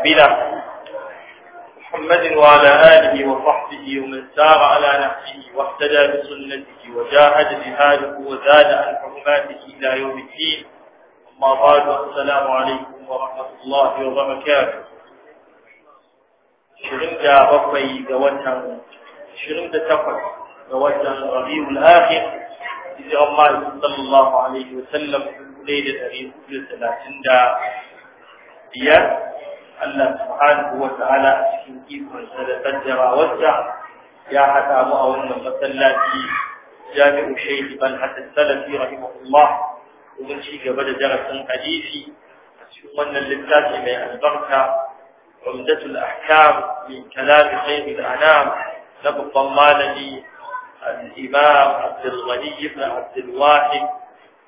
ربنا محمد وعلى آله وصحبه ومن سار على نحيه واهتدى بسنته وجاهد جهاده وزاد عن حرماته إلى يوم الدين أما بعد السلام عليكم ورحمة الله وبركاته شرم جاء ربي قوتا شرم دا تقل قوتا ربيع الآخر إذا الله صلى الله عليه وسلم ليلة أبي كل ثلاثين دا Allah subhanahu wa ta'ala a cikin ikon sa da kaddara wacce ya haɗa mu a wannan masallaci jami'u shaykh ibn hasan salafi rahimahullah kuma ci gaba da darasin hadisi a cikin wannan littafi mai albarka عمدة الأحكام من كلام خير الأنام نبض مالني الإمام عبد الغني بن عبد الواحد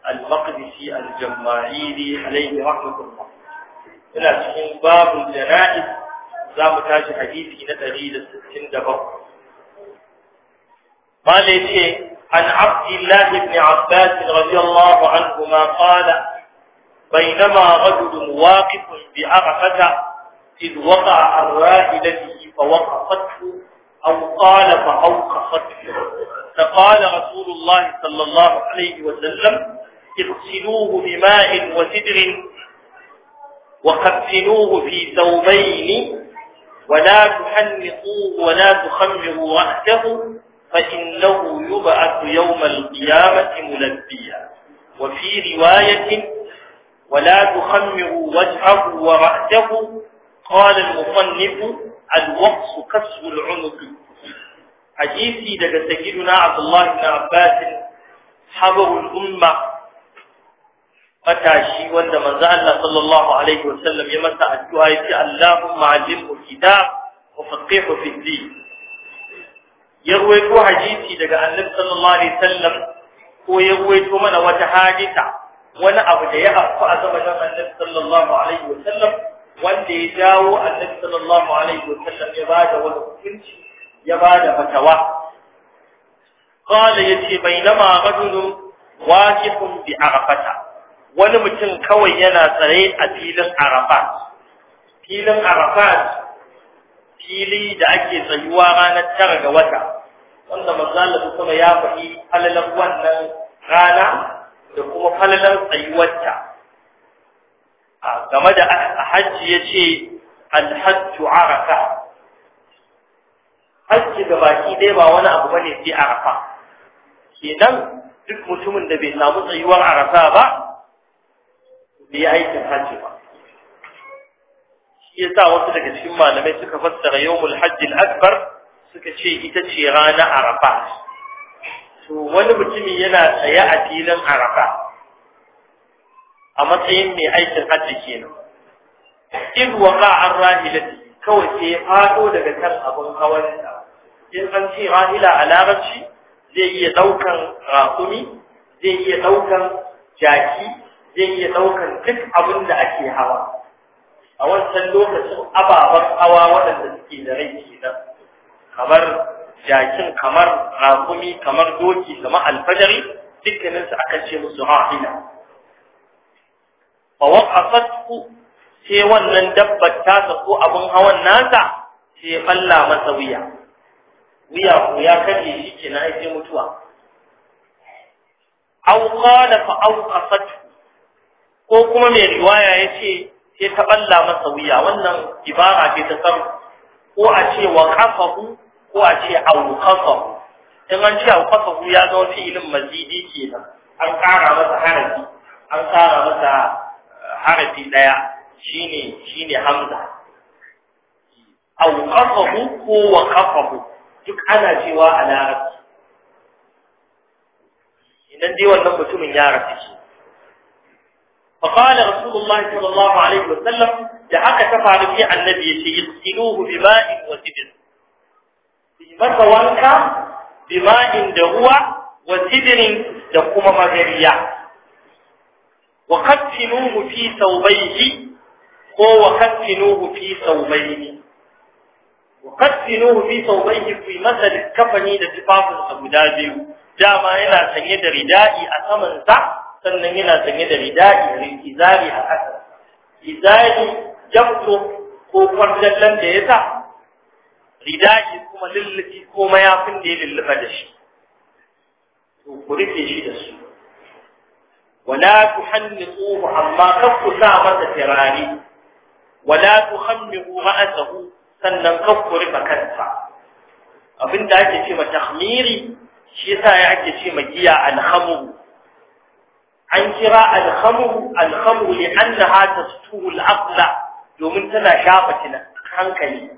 المقدسي الجماعيلي عليه رحمة الله ina cikin babu jana'iz za mu tashi hadisi na 167 malai ce an abdullah ibn abbas radiyallahu anhu ma qala بينما رجل واقف بعرفة إذ وقع عن راحلته فوقفته أو قال فأوقفته فقال رسول الله صلى الله عليه وسلم اغسلوه بماء وسدر وقفنوه في ثوبين ولا تحنقوه ولا تخمروا رأسه فإنه يبعث يوم القيامة ملبيا وفي رواية ولا تخمروا وجهه ورأسه قال المصنف الوقص كسر العنق حديثي لقد سجدنا عبد الله بن عباس حبر الأمة matashi wanda manzo Allah sallallahu alaihi wasallam ya masa addu'a ya ce Allahumma alimhu kitab wa faqihu fi din ya ruwaito hadisi daga Annabi sallallahu alaihi wasallam ko ya ruwaito mana wata hadisa wani abu da ya afku a zamanin Annabi sallallahu alaihi wasallam wanda ya dawo Annabi sallallahu alaihi wasallam ya bada wani hukunci ya bada fatawa قال يتي بينما رجل واقف بعرفه wani mutum kawai yana tsare a filin arafa, filin arafat fili da ake tsayuwa ranar tara ga wata wanda manzala kuma ya faɗi falalar wannan rana da kuma falalar tsayuwarta game da hajji ya ce alhajju arafa hajji da baki dai ba wani abu bane sai arafa kenan duk mutumin da bai samu tsayuwar arafa ba bai yi aikin hajji ba shi yasa wasu daga cikin malamai suka fassara yawmul hajji akbar suka ce ita ce rana arafa to wani mutumin yana tsaye a filin arafa a matsayin mai aikin hajji kenan in waqa an rahilati kawai sai ya fado daga kan abin hawan in an ce rahila a larabci zai iya daukan rakumi zai iya daukan jaki zai iya ɗaukar duk abin da ake hawa a wancan lokacin ababen hawa waɗanda suke da rai kenan kamar jakin kamar rakumi kamar doki kamar alfajari su aka ce musu a fa waqafathu sai wannan dabbar ta ko abin hawan nasa sai falla masa wuya wuya ko ya kaje shi kenan sai mutuwa aw da fa fatu. ko kuma mai riwaya ya ce sai ta balla masa wuya wannan ibara ce ta sarfu ko a ce wa kafahu ko a ce au in an ce au ya ya zama ilin mazidi kenan an kara masa harafi an kara masa eh, harafi daya shine shine hamza au ko wa kafahu duk ana cewa a larabci idan dai wannan mutumin ya rafi shi فقال رسول الله صلى الله عليه وسلم لحق تفعل في النبي يغسلوه بماء وسدر masa wanka bima'in da ruwa wa sidirin da kuma magariya wa kattinuhu fi saubayhi ko wa kattinuhu fi saubayni wa kattinuhu fi saubayhi fi masa kafani da tufafinsa guda biyu dama yana sanye da rida'i a saman sa sannan yana sanye da ridadi izari a ƙasa izari jamto ko kwarjallan da ya sa ridadi kuma lullufi ko mayafin da ya lullufa da shi to ku rufe shi da su wala hannu tuhanniquhu amma kan ku sa masa tirari wala hannu ku tuhammiqu ra'sahu sannan kan ku rufe kansa abinda ake ce ma tahmiri shi yasa ya ake ce ma giya alhamu an kira alhamru alhamru li annaha tastuhu al domin tana shafa kina hankali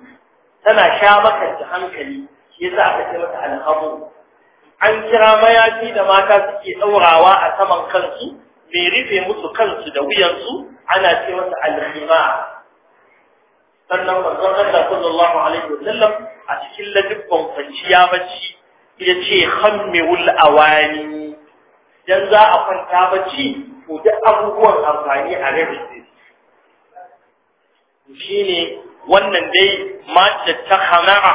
tana shabakar hankali shi yasa aka ce mata an kira mayafi da mata suke daurawa a saman kansu mai rufe musu kansu da wuyansu ana ce masa al sannan manzon Allah sallallahu alaihi a cikin ladibban kwanciya bacci yace khammul awani Idan za a kwanta bacci to duk abubuwan amfani a rabi shine wannan dai mace ta khamara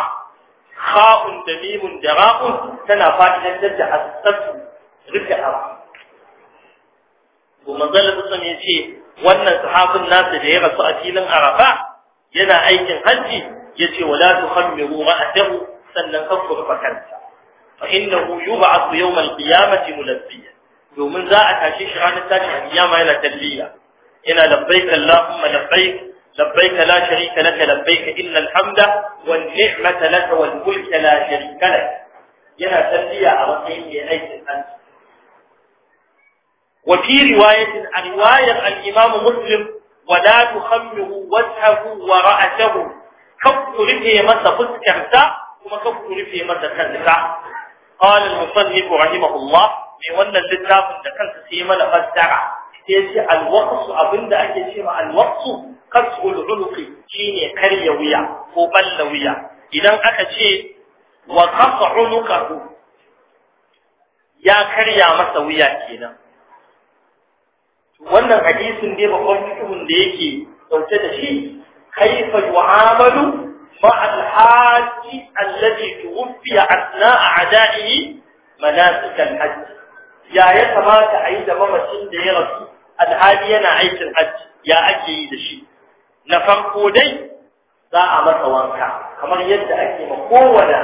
kha'un da mimun da tana fa'idantar da hasatu rika abu to manzon Allah ya ce wannan sahabin nasu da ya rasu a filin Arafa yana aikin hajji yace wala tukhammiru ra'atahu sannan kakku rufa kanta fa innahu yub'athu yawm qiyamati mulabbiyan domin za a tashi shi ranar tashi tashin kiyama yana talbiya yana labbaika Allahumma labbaik labbaik la sharika laka labbaik innal hamda wan ni'mata laka wal mulka la sharika lak yana talbiya a matsayin mai aikin hajji وفي رواية عن رواية الإمام مسلم ولا تخمه wa ra'atuhu كف رفه masa fuskarta kuma كف رفه masa كنتا قال المصنف رحمه الله mai wannan littafin da kansa sai mana fassara sai ce alwaqsu abinda ake cewa alwaqsu qas'ul uluqi shine karya wuya ko balla wuya idan aka ce wa qas'u uluqahu ya karya masa wuya kenan wannan hadisin ne babban fikihun da yake dauke da shi kaifa yu'amalu مع الحاج الذي توفي أثناء عدائه مناسك الحج ya ya kamata a yi da mamacin da ya rasu alhali yana aikin hajji ya ake yi da shi na farko dai za a masa wanka kamar yadda ake ma kowane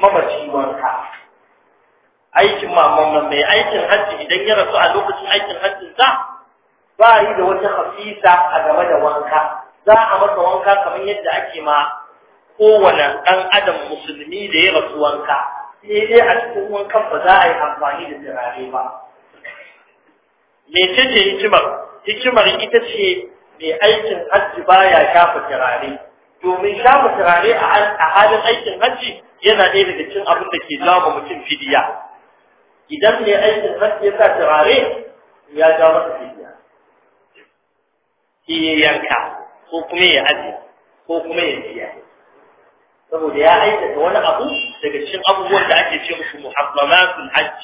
mamaci wanka aikin mamman mai aikin hajji idan ya rasu a lokacin aikin hajjin sa ba yi da wata hafisa a game da wanka za a masa wanka kamar yadda ake ma kowane ɗan adam musulmi da ya rasu wanka sai dai a cikin wankan ba za a yi amfani da turare ba mece ce hikimar hikimar ita ce mai aikin hajji baya shafa turare domin shafa turare a halin aikin hajji yana ɗaya daga cikin abin da ke jawo mutum fidiya idan mai aikin hajji ya sa turare ya jawo masa fidiya shi yanka ko kuma ya aje ko kuma ya biya saboda ya aikata wani abu daga cikin abubuwan da ake ce musu muhammamatul hajj.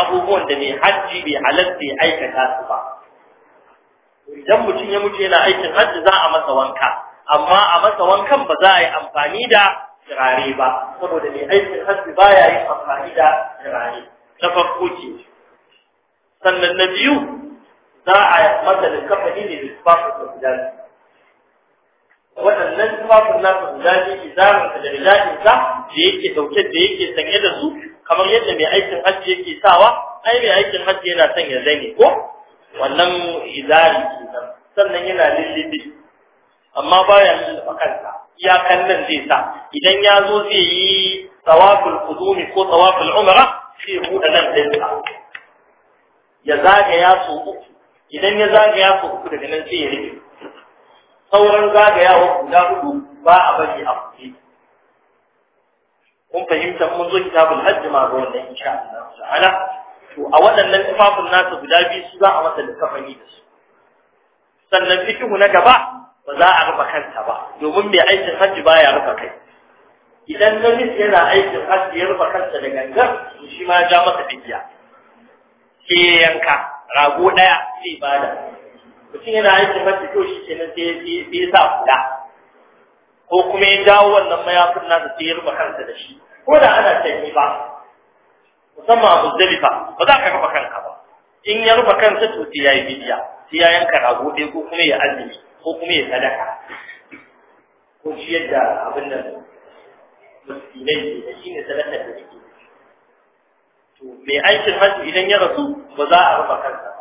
abubuwan da mai hajji bai halatta ya aikata su ba idan mutum ya mutu yana aikin hajji za a masa wanka amma a masa wankan ba za a yi amfani da turare ba saboda mai aikin hajji ba ya yi amfani da turare na farko ke sannan na biyu za a masa da kafani ne da su ba su waɗannan tufafin nasa guda zama izamansa da rijajinsa da yake dauke da yake sanye da su kamar yadda mai aikin hajji yake sawa ai mai aikin hajji yana sanya zane ko wannan izari kenan sannan yana lullubi amma baya lulluɓa kanta, ya kallon zai sa idan ya zo zai yi tsawafin kudumi ko tsawafin umara sai ya buɗe nan ɗinsa ya zagaya su uku idan ya zagaya su uku daga nan sai ya rike sauran zagayawa guda hudu ba a bari a kuɗi kun fahimta mun zo kitabul hajji ma ga wannan insha Allah ta'ala to a waɗannan tufafin nasa guda biyu su za a masa likafani da su sannan fikihu na gaba ba za a rufe kanta ba domin mai aikin hajji ba ya rufe kai idan namiji yana aikin hajji ya rufe kanta da gangar shi ma ya ja masa fikiya Ke yanka rago ɗaya zai bada mutum yana aiki mafi kyau shi ke nan sai ya sa fita ko kuma ya jawo wannan mayafin nasa sai ya rufe kansa da shi ko da ana sanyi ba musamman abu muzdalifa ba za ka rufe kanka ba in ya rufe kansa to sai ya yi bidiya sai ya yanka rago ɗaya ko kuma ya azumi ko kuma ya sadaka ko shi yadda abin nan musulmai da shi ne sadakar da suke to mai aikin hajji idan ya rasu ba za a rufe kansa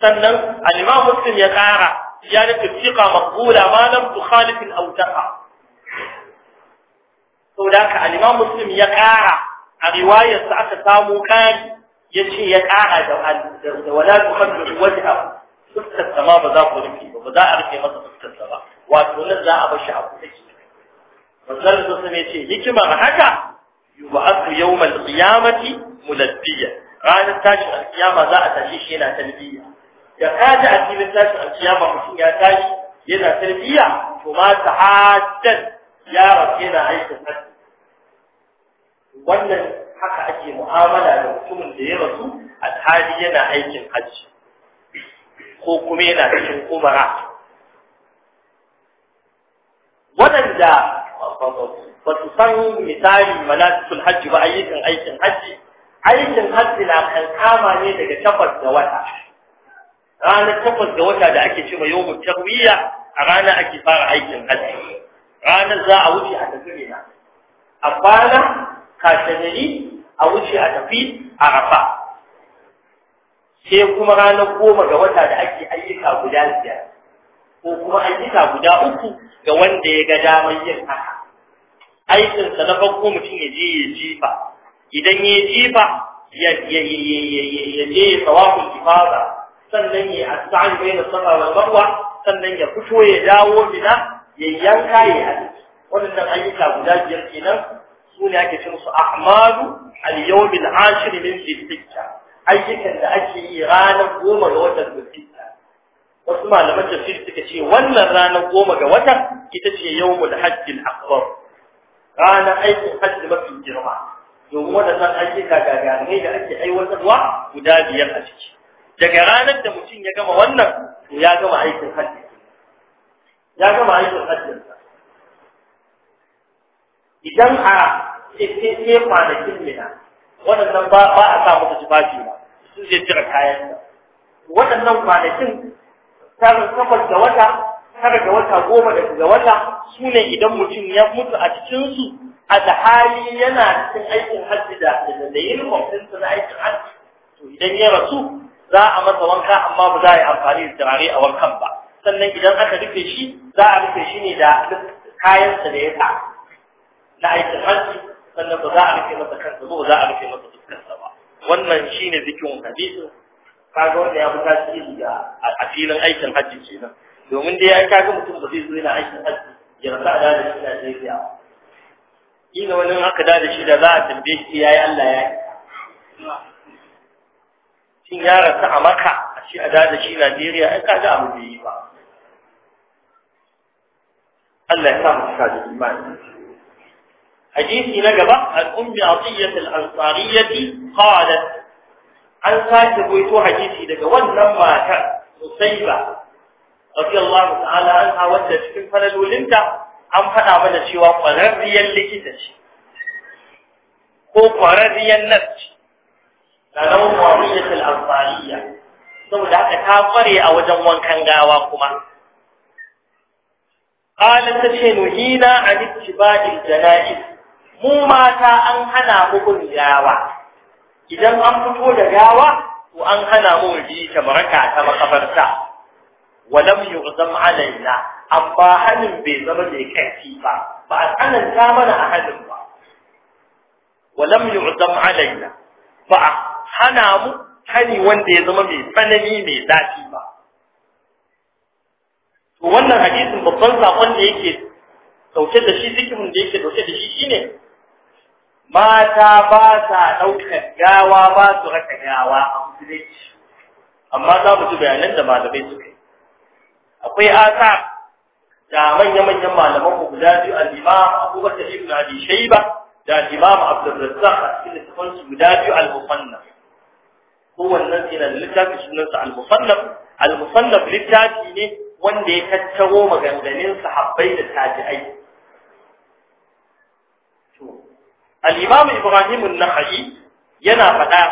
sannan al-imam muslim ya kara ya nufi fiqa maqbula ma lam tukhalif al to da ka al-imam muslim ya kara a riwayar sa aka samu kai yace ya kara da da wala tukhaddu wajha fuskar sama ba za ku rike ba za a rike masa fuskar sama wato nan za a bar shi a wannan manzon sallallahu alaihi ce hikimar haka yub'athu yawm al-qiyamati mulabbiya ranar tashin alkiyama za a tashi shi yana talbiya da ka ji a filin tashin alkiyama mutum ya tashi yana tarbiyya to ma ta haddan yaron yana aikin hajji wannan haka ake mu'amala da mutumin da ya rasu tari yana aikin hajji ko kuma yana cikin umara waɗanda ba su san misali malatul hajji ba ayyukan aikin hajji aikin hajji na kama ne daga takwas da wata ranar takwas ga wata da ake cewa yau mutarwiya a ranar ake fara aikin hajji ranar za a wuce a tafi rina a kwana kashanari a wuce a tafi a rafa sai kuma ranar goma ga wata da ake ayyuka guda biyar ko kuma ayyuka guda uku ga wanda ya ga damar yin haka aikinsa na farko mutum ya je ya jifa idan ya jifa ya je ya tsawafin kifaza sannan ya asba'i bayna safa wal marwa sannan ya fito ya dawo mina ya yanka ya haji wannan ayyuka guda biyar kenan su ne ake cin su a'malu al-yawm al-ashir min dhil-hijja ayyukan da ake yi ranar goma ga watan dhil-hijja wasu malaman tafsir suka ce wannan ranar goma ga watan ita ce yawmul hajjil akbar ranar aikin hajji mafi girma domin waɗannan ayyuka ga gagarumai da ake aiwatarwa guda biyar a ciki daga ranar da mutum ya gama wannan to ya gama aikin hajji ya gama aikin hajji idan a ne kwanakin mina waɗannan ba ba a sa musu tufafi ba su je jira kayan sa waɗannan kwanakin tarin kafar da wata tara ga wata goma da ga wata su ne idan mutum ya mutu a cikinsu a da hali yana cikin aikin hajji da da yin kwamfinsa na aikin hajji to idan ya rasu za a masa wanka amma ba za a yi amfani da turare a wankan ba sannan idan aka rufe shi za a rufe shi ne da kayansa da ya sa na aikin hanci sannan ba za a rufe masa kansa ba za a rufe masa dukkansa ba wannan shi ne zikin hadisin kaga wanda ya fi tasiri a filin aikin hajji ce nan domin dai ya kaga mutum ba zai zo yana aikin hajji ya rasa da da shi Najeriya ina wani aka da da shi da za a tambaye shi ya yi Allah ya yi shin ya rasu a maka a ce a da shi najeriya ai ka ga abu da yi ba Allah ya sa mu cika da imani hadisi na gaba al-ummi atiyat al-ansariyyah qalat an sake goyito hadisi daga wannan matar Usaiba radiyallahu ta'ala anha wacce cikin fanalolinta an faɗa mana cewa ƙwararriyar likita ce ko ƙwararriyar nas ce sanau mu'awiyatul ansariya saboda haka ta kware a wajen wankan gawa kuma qalat ta ce nuhina an ittiba'il janaiz mu mata an hana mu gawa idan an fito da gawa to an hana mu bi ta baraka ta makabarta walam yughzam alaina amma hanin bai zama mai kaifi ba ba a tsananta mana a hanin ba walam yughzam alaina ba hana mu hani wanda ya zama mai tsanani mai zafi ba to wannan hadisin babban sakon da yake dauke da shi zikin da yake dauke da shi shi ne. mata ba sa ɗaukar gawa ba su raka gawa a musulunci amma za mu ji bayanan da malamai suka yi akwai asa da manya-manyan malaman ku guda biyu a imam Abubakar ibn Abi Shayba da al-imam Abdul Razzaq a cikin littafin guda biyu al-Mufannaf Kowanne ina littafi sunansa al-musannaf al littafi ne wanda ya tattaro maganganun sahabbai da tabi'ai al-imam ibrahim an-nakhai yana faɗa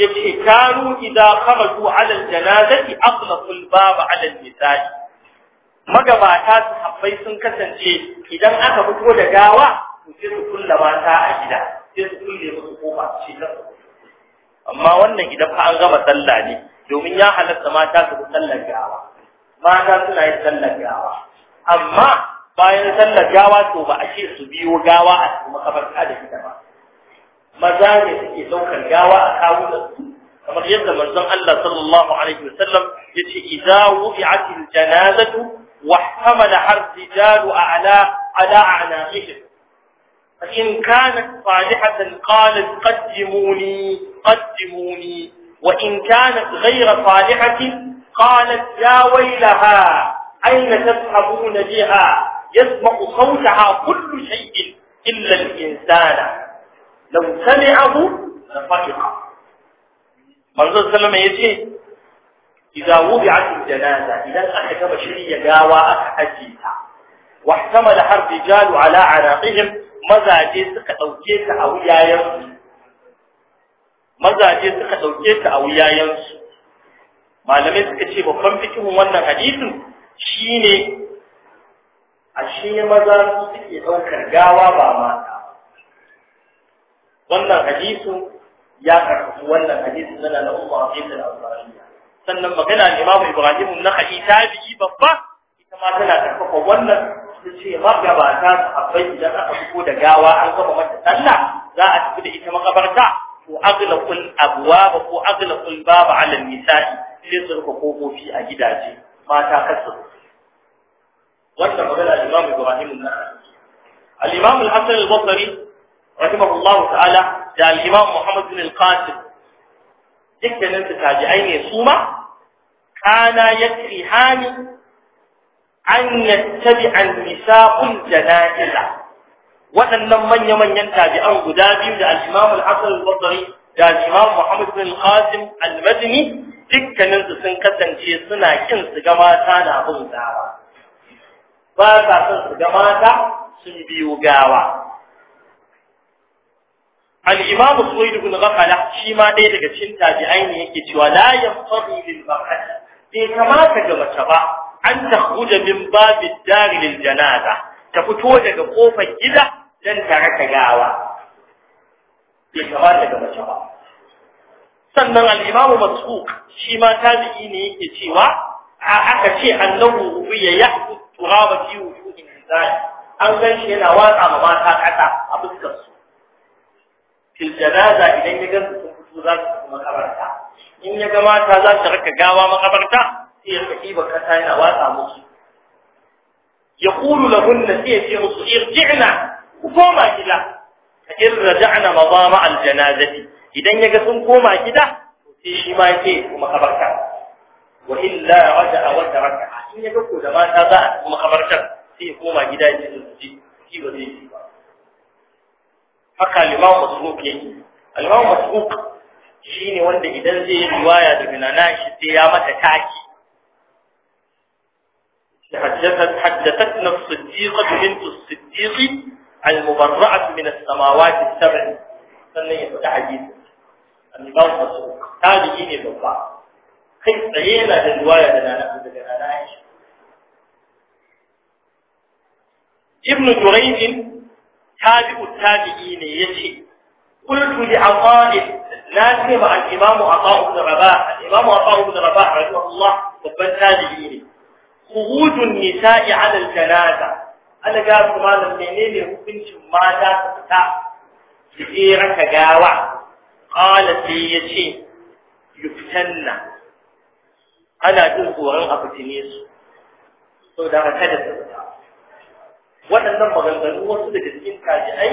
yace kanu idza kharaju 'ala al-janazati aghlaqu al-bab 'ala an-nisa'i magabata sahabbai sun kasance idan aka fito da gawa to sai su kulla mata a gida sai su kulle musu kofa shi amma wannan idan fa an gama sallah ne domin ya halatta mata su sallah jawa mata suna yin sallah jawa amma bayan sallah jawa to ba a ce su biyo gawa a cikin makabarta da ita ba maza ne suke daukar gawa a kawo da su kamar yadda manzon Allah sallallahu alaihi wasallam yace idza wufi'at al-janazatu wa ihtamala harjijalu ala ala a'naqihim in kanat salihatan qalat qaddimuni قدموني وإن كانت غير صالحة قالت يا ويلها أين تذهبون بها يسمع صوتها كل شيء إلا الإنسان لو سمعه لفقق من صلى الله يجي إذا وضعت الجنازة إذا أحكم شرية قاواء أحجيها واحتمل حرب رجال على عناقهم ماذا جيسك أو جيسك أو يا يصنع mazaje suka ɗauke ta a wuyayensu malamai suka ce babban fikihun wannan hadisin shine a ashe maza suke ɗaukar gawa ba mata wannan hadisin ya karɓi wannan hadisin yana na umar a fitar al sannan magana ne mamu ibrahim na haɗi biyi babba ita ma tana karfafa wannan ta ce magabata su habbai idan aka fito da gawa an gama mata sallah za a tafi da ita makabarta ko aglaqul abwaba ko aglaqul baba ala nisa'i sai su rufe kofofi a gidaje mata kasu wannan magana al-Imam Ibrahim an-Nawawi al-Imam al-Hasan al-Basri rahimahullahu ta'ala da al-Imam Muhammad bin al-Qasim dukkanin su tabi'ai ne su ma kana yatrihani an yattabi'a an-nisa'ul janaiza waɗannan manya-manyan tabi'an guda biyu da al-Imam al-Hasan al-Basri da al-Imam Muhammad bin Qasim al-Madini dukkanin su sun kasance suna kin su ga mata na bin gawa ba sa son su ga mata sun biyo gawa al-Imam Suwaid bin Ghafala shi ma ɗaya daga cikin tabi'ai ne yake cewa la yanfadi lil mar'ati bai kamata ga mace ba an takhruja min babid dar lil janaza ta fito daga kofar gida don ta raka gawa bai kamata ga mace ba sannan al'imamu masu shi ma tabi'i ne yake cewa a aka ce annahu ya ya'ku turaba fi in zai an gan shi yana watsa ma mata kasa a fuskar su fil idan ya gansu sun fito za su kuma makabarta in ya ga mata za su raka gawa makabarta sai ya saki ba kasa yana watsa musu يقول لهن سيتي مصير جعنا وقوما كده فإن رجعنا مضامع الجنازة إذا يقصون قوما كده وسيشي ما يتي كما خبرك وإلا رجع وترك إن يقصوا لما تضع كما خبرك سي قوما كده يتي وزيشي haka limamu masruk yake limamu masruk shine wanda idan zai riwaya daga nana shi sai ya mata taki حدثت حدثتنا الصديقة بنت الصديق المبرعة من السماوات السبع سنية تعجيزة النبال تالي جيني ببعض خلق سيئنا للواية لنا نأخذ لنا نعيش ابن جريج تابع التابعين يشي قلت لعطاء ناسم عن الامام عطاء بن رباح الإمام عطاء بن رباح رحمه الله ربا التابعين kuhudun nisa'i alal janaza ana ga kuma nan menene hukuncin mata ta fita su je ka gawa qala sai yace yuftanna ana jin tsoron a fitine su da haka kada su fita waɗannan maganganu wasu daga cikin tabi'ai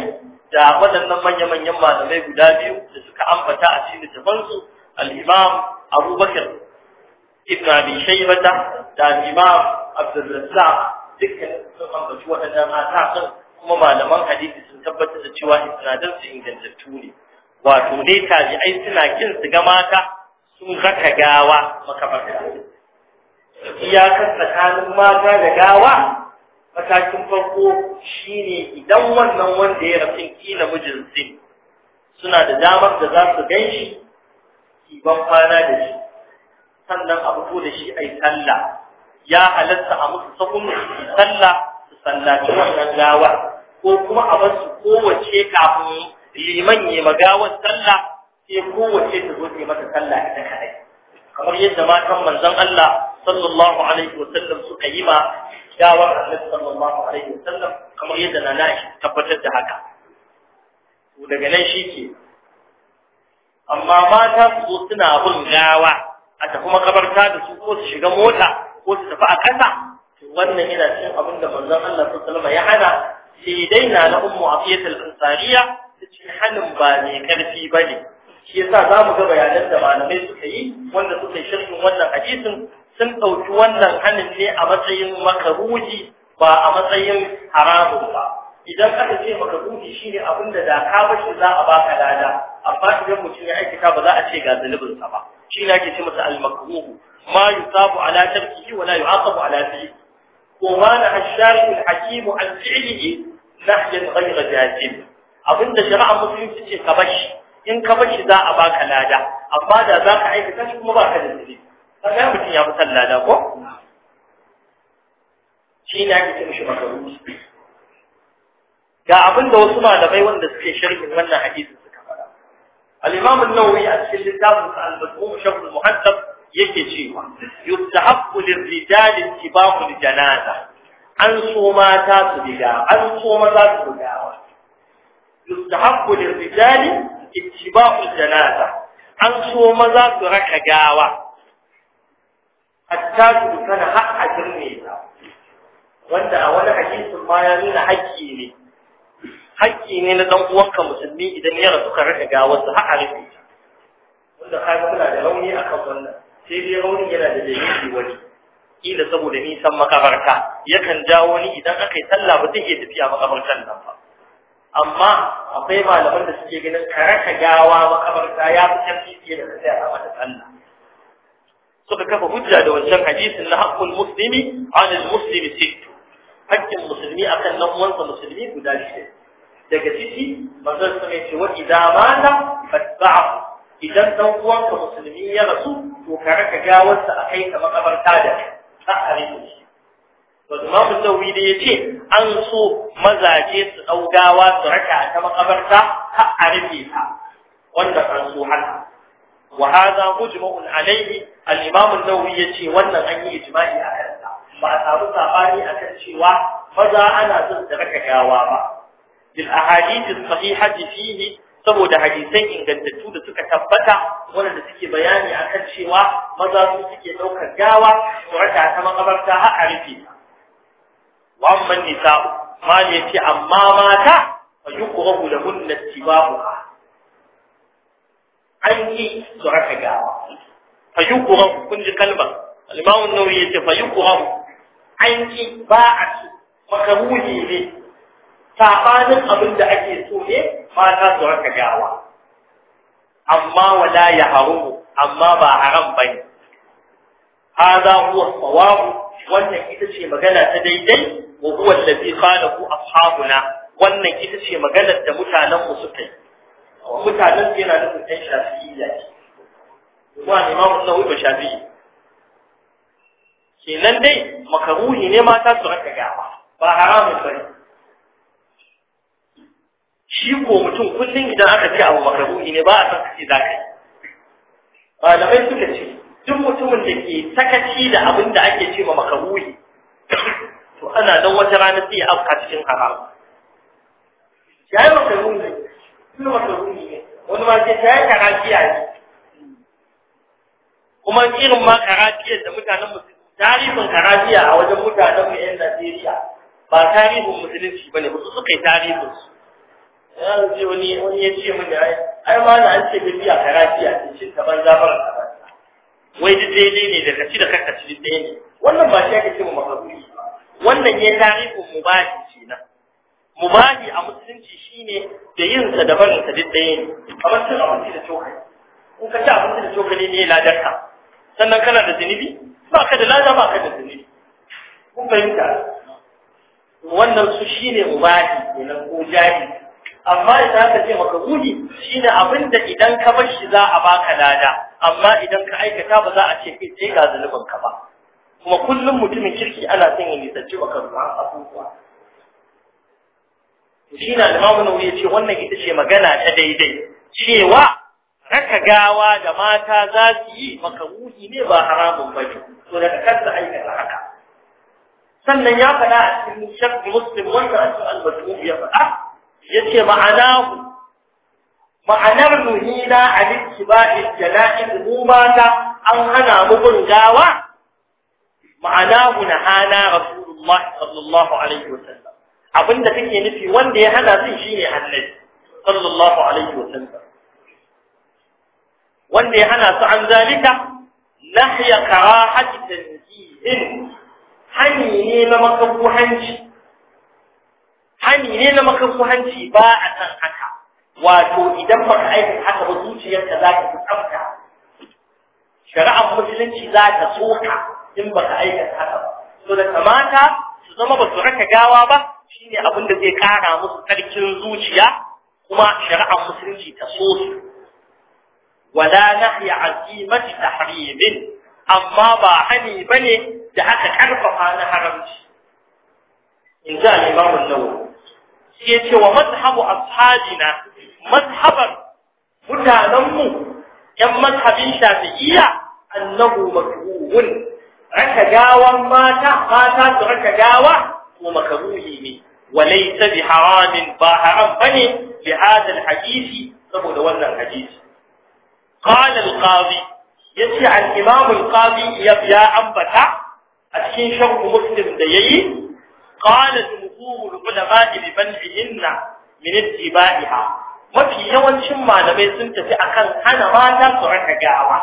da waɗannan manya-manyan malamai guda biyu da suka ambata a cikin littafansu al-imam abubakar ibn abi shaybata da imam abdul razzaq dukkan sun ambaci waɗannan mata sun kuma malaman hadisi sun tabbatar da cewa isnadan su ingantattu ne wato dai ai suna kin su ga mata sun raka gawa makabarta iyakar tsakanin mata da gawa matakin farko shine idan wannan wanda ya rafin kila mijin suna da damar da za su gan shi ban kwana da shi sannan a fito da shi ai sallah ya halatta a musu sahun sallah su sallaci wannan gawa, ko kuma a bar su kowace kafin liman ya magawar sallah sai kowace ta zo ta mata sallah ita kadai kamar yadda matan manzon Allah sallallahu alaihi wa sallam suka yi ma gawar Annabi sallallahu alaihi wa sallam kamar yadda Nana Aisha tabbatar da haka to daga nan shi ke. amma mata su zo suna bin gawa a tafi makabarta da su ko su shiga mota ko su tafi a kasa wannan yana cikin abin da manzon Allah sallallahu alaihi ya hana sai dai na na ummu afiyatul ansariya cikin halin ba mai karfi bane shi yasa zamu ga bayanan da malamai suka yi wanda suka yi sharhin wannan hadisin sun ɗauki wannan hannun ne a matsayin makaruhi ba a matsayin haramun ba idan aka ce shi shine abin da da ka bashi za a baka lada amma idan mutum ya aikata ba za a ce ga zunubinsa ba shi ne ake ce masa al-makruh ma yusabu ala tarkihi wa la yu'aqabu ala fi'li ko ma na ash-shari'u al-hakim an fi'lihi nahyan ghayra jazim abinda shari'a musulunci ce ka bashi in ka bashi za a baka lada amma da za ka aikata shi kuma ba ka da dalili kaga mutum ya fi lada ko shi ne ake ce mishi makruh ga abinda wasu malamai wanda suke sharhin wannan hadisi al-imam an a cikin littafin sa al-mazmum shaykh al yake cewa yustahabbu lir-rijal ittiba'u al-janaza an so mata su biga an so maza su bigawa yustahabbu lir-rijal ittiba'u al an so su raka gawa hatta su kana a wanda a wani hadisin ma nuna hakki ne haƙƙi ne na ɗan uwanka musulmi idan ya rasu ka raka gawarsa har a rufe wanda ka ga kuna da rauni a akan wannan sai dai rauni yana da dalili wani kila saboda nisan makabarta yakan jawo ni idan aka yi sallah ba zai iya tafiya makabartan nan ba amma akwai malaman da suke ganin ka raka gawa makabarta ya fi can fiye da ka tsaya a mata sallah suka kafa hujja da wancan hadisin na haƙƙul musulmi, anil musulmi sittu haƙƙin musulmi akan nan uwansa musulmi guda shida daga ciki manzon sun cewa wa idza mata fatba'u idan dan uwanka musulmi ya rasu to ka raka gawarsa a kai ka makabarta da ta arin shi to Imam Nawawi da yace an so mazaje su dau gawa su raka ta makabarta har a rufe ta wanda kan so haka wa hadha mujma'un alayhi al-Imam Nawawi yace wannan an yi ijma'i a kansa. ba a samu sabani akan cewa maza ana son su raka gawa ba bil ahadith sahihah fihi saboda hadisai ingantattu da suka tabbata wanda suke bayani kan cewa maza su suke daukar gawa su raka ta makabarta har a rufe wa amman nisa'u ma ne ce amma mata fa yuqrabu lahunna tibahuha an yi su raka gawa fa kun ji kalmar ya ce an ba a ne sabanin abin da ake so ne mata su raka gawa amma wala ya haru amma ba haram bane hada huwa sawab wannan ita ce magana ta daidai wa huwa allazi qalahu ashabuna wannan ita ce maganar da mutanen mu suka yi mutanen su yana nufin ɗan ya ce kuma imamu nawawi ba shafi'i kenan dai makaruhi ne mata su raka gawa ba haramun bane shi ko mutum kullum idan aka ce abu makaruhi ne ba a san kace za ka yi malamai suka ce duk mutumin da ke sakaci da abin da ake ce ma makaruhi to ana dan wata rana sai ya afka cikin haram ya yi makaruhi ne kuma makaruhi ne wani ma ce ta yi karafiya ne kuma irin ma karafiyar da mutanen musulmi tarihin karafiya a wajen mutanen mu 'yan Najeriya ba tarihin musulunci ba ne ba su suka yi tarihinsu ya ce wani wani ya ce min da ai ai ma na an ce bibiya karafiya ce cin ta ban zafaran karafiya wai duk daidai ne da kaci da kanka ci daidai ne wannan ba shi ake ce mu makaruri wannan ya tarihin mubahi kenan mubahi a musulunci shine da yin sa da barin sa duk daidai ne kamar cin abinci da cokali in ka ci abinci da cokali ne ladarka sannan kana da zunubi ba ka da lada ba ka da zunubi kun fahimta wannan su shine mubahi kenan ko jari amma idan aka ce makaruhi shine abin da idan ka bar shi za a baka lada amma idan ka aikata ba za a ce kai sai ga zalubin ka ba kuma kullum mutumin kirki ana son ya nisanci makaruhan abubuwa to shine al-Imam ya ce wannan ita ce magana ta daidai cewa raka gawa da mata za su yi maka makaruhi ne ba haramun ne to daga kansa aikata haka sannan ya faɗa a cikin shakki muslim wanda a cikin al ya faɗa yace ma'anahu ma'anar nuhina an ittiba'il jana'iz mu mata an hana mu bin gawa ma'anahu hana rasulullah sallallahu alaihi wasallam abinda kake nufi wanda ya hana sun shi ne annabi sallallahu alaihi wasallam wanda ya hana su an zalika nahya karahati tanzihin Hanyi ne na makabuhanci hani ne na makaruhanci ba a san haka wato idan baka aikata haka ba zuciyarka za ta fi tsafta shari'ar musulunci za ta soka in baka aikata haka ba so da kamata su zama ba su raka gawa ba shine abin da zai kara musu tsarkin zuciya kuma shari'ar musulunci ta so su wala nahi azimati tahrimin amma ba hani bane da aka karfafa na haramci in ji al-imam an-nawawi sai ya ce wa mazhabu ashabina mazhabar mutanenmu ‘yan mazhabin shafi'iyya annahu makruhun raka gawan mata mata su raka gawa ko makaruhi ne walaysa bi haramin ba haram bane bi hadal hadisi saboda wannan hadisi qala al qadi yace al imam al qadi ya ambata a cikin shakku muslim da yayi قال جمهور العلماء بمنعهن من اتباعها mafi yawancin malamai sun tafi akan hana mata su raka gawa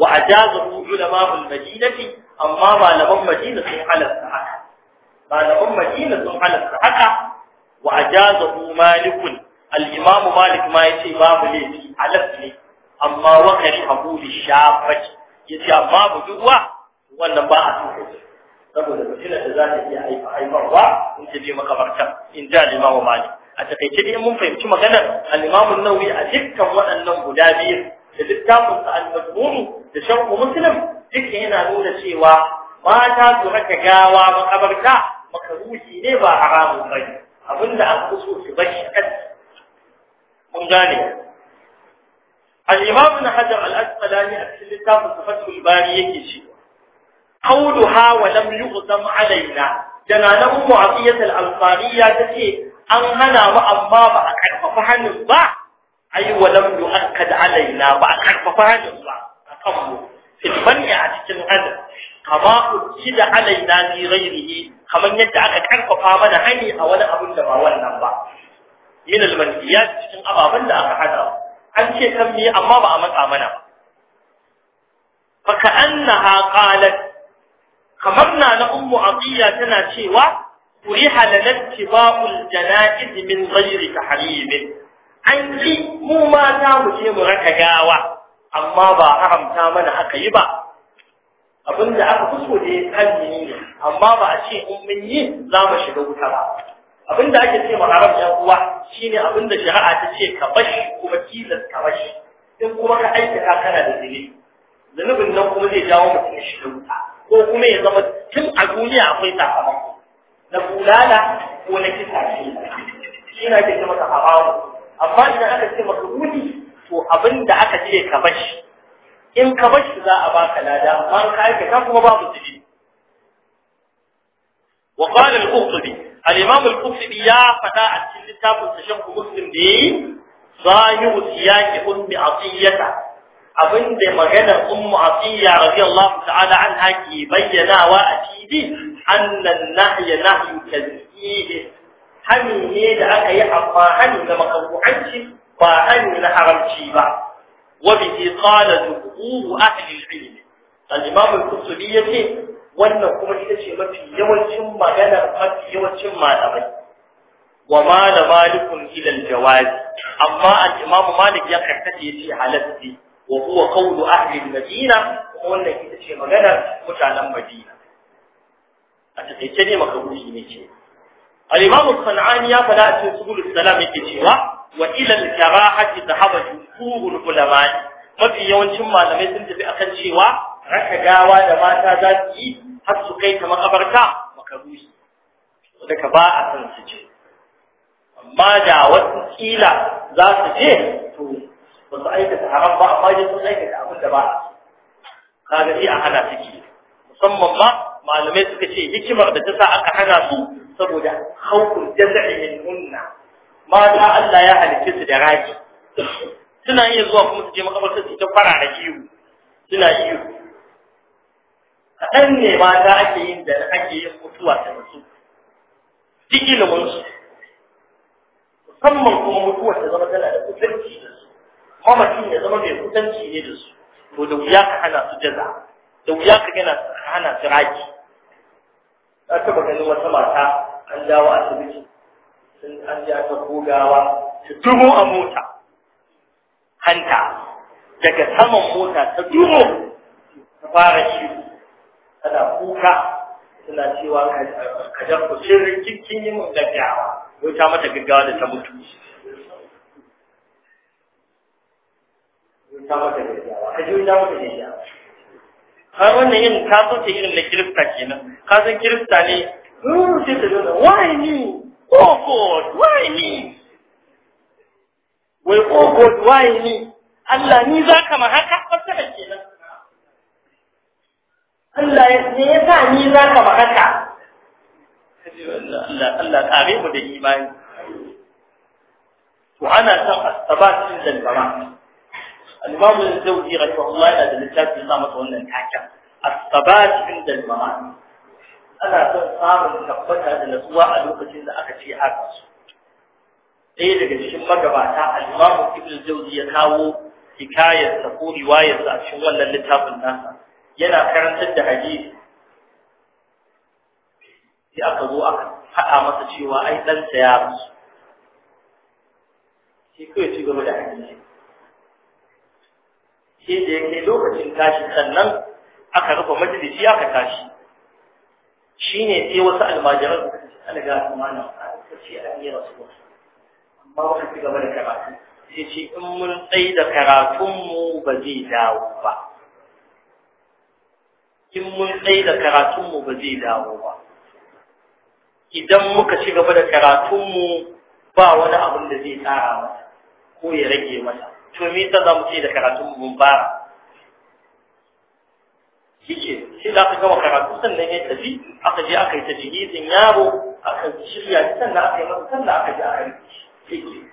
wa ajazahu ulama'ul madinati amma malaman madina sun halarta haka malaman madina sun halarta haka wa ajazahu malikun al-imam malik ma yace babu laifi halal ne amma wa kari habuli shafati yace amma budurwa wannan ba a so saboda fitilar da za ta iya haifa haifarwa in ta je makabarta in ja limamu mali. a takaice dai mun fahimci maganar al-imamu a dukkan waɗannan guda biyar, da littafin sa al-mazmunu da sharh muslim duk yana nuna cewa mata su raka gawa makabarta makaruhi ne ba haramun bane abinda an kuso su bashi kan mun gane al-imamu hajar al-asqalani a cikin littafin fathul bari yake ce قولها ولم يقدم علينا جنانه معطية الألقانية تسي أن هنا وأما بأكرف فهن الضع أي ولم يؤكد علينا بأكرف فهن الضع أقمه في المنع تكن هذا كما أكد علينا في غيره كما يدعك كرف فامنا هني أولا أبن لما والنبع من المنفيات تكن أبا بل أكحدا أنت كمي أما بأمن آمنا فكأنها قالت kamar na na ummu aqiya tana cewa uriha lana tiba'ul janaiz min ghairi tahrim an ji mu mata mu mu raka gawa amma ba haramta mana aka yi ba abin da aka kuso da ya ne amma ba a ce in mun yi za mu shiga wuta ba abin da ake ce ma haram ya uwa shine abin da shari'a ta ce ka bashi kuma tilas ka bashi in kuma ka aikata kana da zini zunubin nan kuma zai jawo mutum shiga wuta ko kuma ya zama tun a duniya akwai sakamako na bulala ko na kisa shi na ke ce masa amma idan aka ce maka ruhi to da aka ce ka bashi in ka bashi za a baka lada amma in ka aikata kuma babu zubi wa qala al-qurtubi al-imam al-qurtubi ya fada a cikin littafin sa shaykh muslim da yayi zahiru siyaqi ummi atiyata abin da maganar ummu atiyya radiyallahu ta'ala anha ke bayyanawa a fili annan nahya nahyu tazkihi Hami ne da aka yi amma hani na makaruhanci ba hani na haramci ba wa bihi qala jumhur ahli al al-imam al yace wannan kuma ita ce mafi yawancin maganar mafi yawancin malamai wa ma la malikun ila al amma al-imam malik ya karkace yace halatti wa huwa qawlu ahli al-madina wannan ita ce maganar mutanen madina a takeice ne makabuli ne ce al-imam al ya fada a cikin subul salam yake cewa wa ila al-karahati dhahaba jumhur ulama mafi yawancin malamai sun tafi akan cewa raka gawa da mata za su yi har su kai ta makabarta makabuli daga ba a san su ce amma da wasu kila za su je to ba su aikata haram ba amma dai sun aikata abin da ba kaga sai a hana suke musamman ma malamai suka ce hikimar da ta sa aka hana su saboda khawful jaz'i min hunna mata Allah ya halice su da raki suna iya zuwa kuma su je makabarta su ta fara da iyo suna iyo kaɗan ne mata ake yin da ake yin mutuwa ta mutu duk ilimin su musamman kuma mutuwa ta zama tana da kusurci da kwamitin ya zama mai kusanci ne da su to da wuya ka hana su jaza da wuya ka gana hana su raki a taba ganin wata mata an dawo asibiti sun an ji aka gogawa su duhu a mota hanta daga saman mota ta duhu ta fara ciwo tana kuka suna cewa ka jarku shirin yi mun gaggawa mata gaggawa da ta mutu ka ji ta mata gaggawa har wannan yin ka so ta irin na kirista kenan ka san kirista ne hmm, sai ta zo why me oh god why me wai oh god why me Allah ni za ka ma haka fassara kenan Allah ne ya sa ni za ka ma haka Allah Allah kare mu da imani to ana san asabat din zalbara al-imam az yana da littafin sa masa wannan taken as-sabat inda ana son samun tabbata da nutsuwa a lokacin da aka ce haka ɗaya daga cikin magabata al-imam ibn al ya kawo hikayar sa ko riwayar sa a cikin wannan littafin nasa yana karantar da hadisi sai aka zo aka faɗa masa cewa ai ɗansa ya rasu shi kawai ci gaba da hadisi sai da ya kai lokacin tashi sannan aka rufe majalisi aka tashi shine sai wasu almajiran suka ce alaga amana suka ce a yi rasu amma wani ci gaba da karatu sai ce in mun tsaye da karatunmu ba zai dawo ba in mun tsaye da karatunmu ba zai dawo ba idan muka ci gaba da karatunmu ba wani abin da zai tsara masa ko ya rage masa to me yasa za mu ce da karatun mun fara. shike shi da aka gama karatu sannan ya tafi aka je aka yi ta jihizin yaro aka shirya shi sannan aka yi masa sannan aka je aka yi shike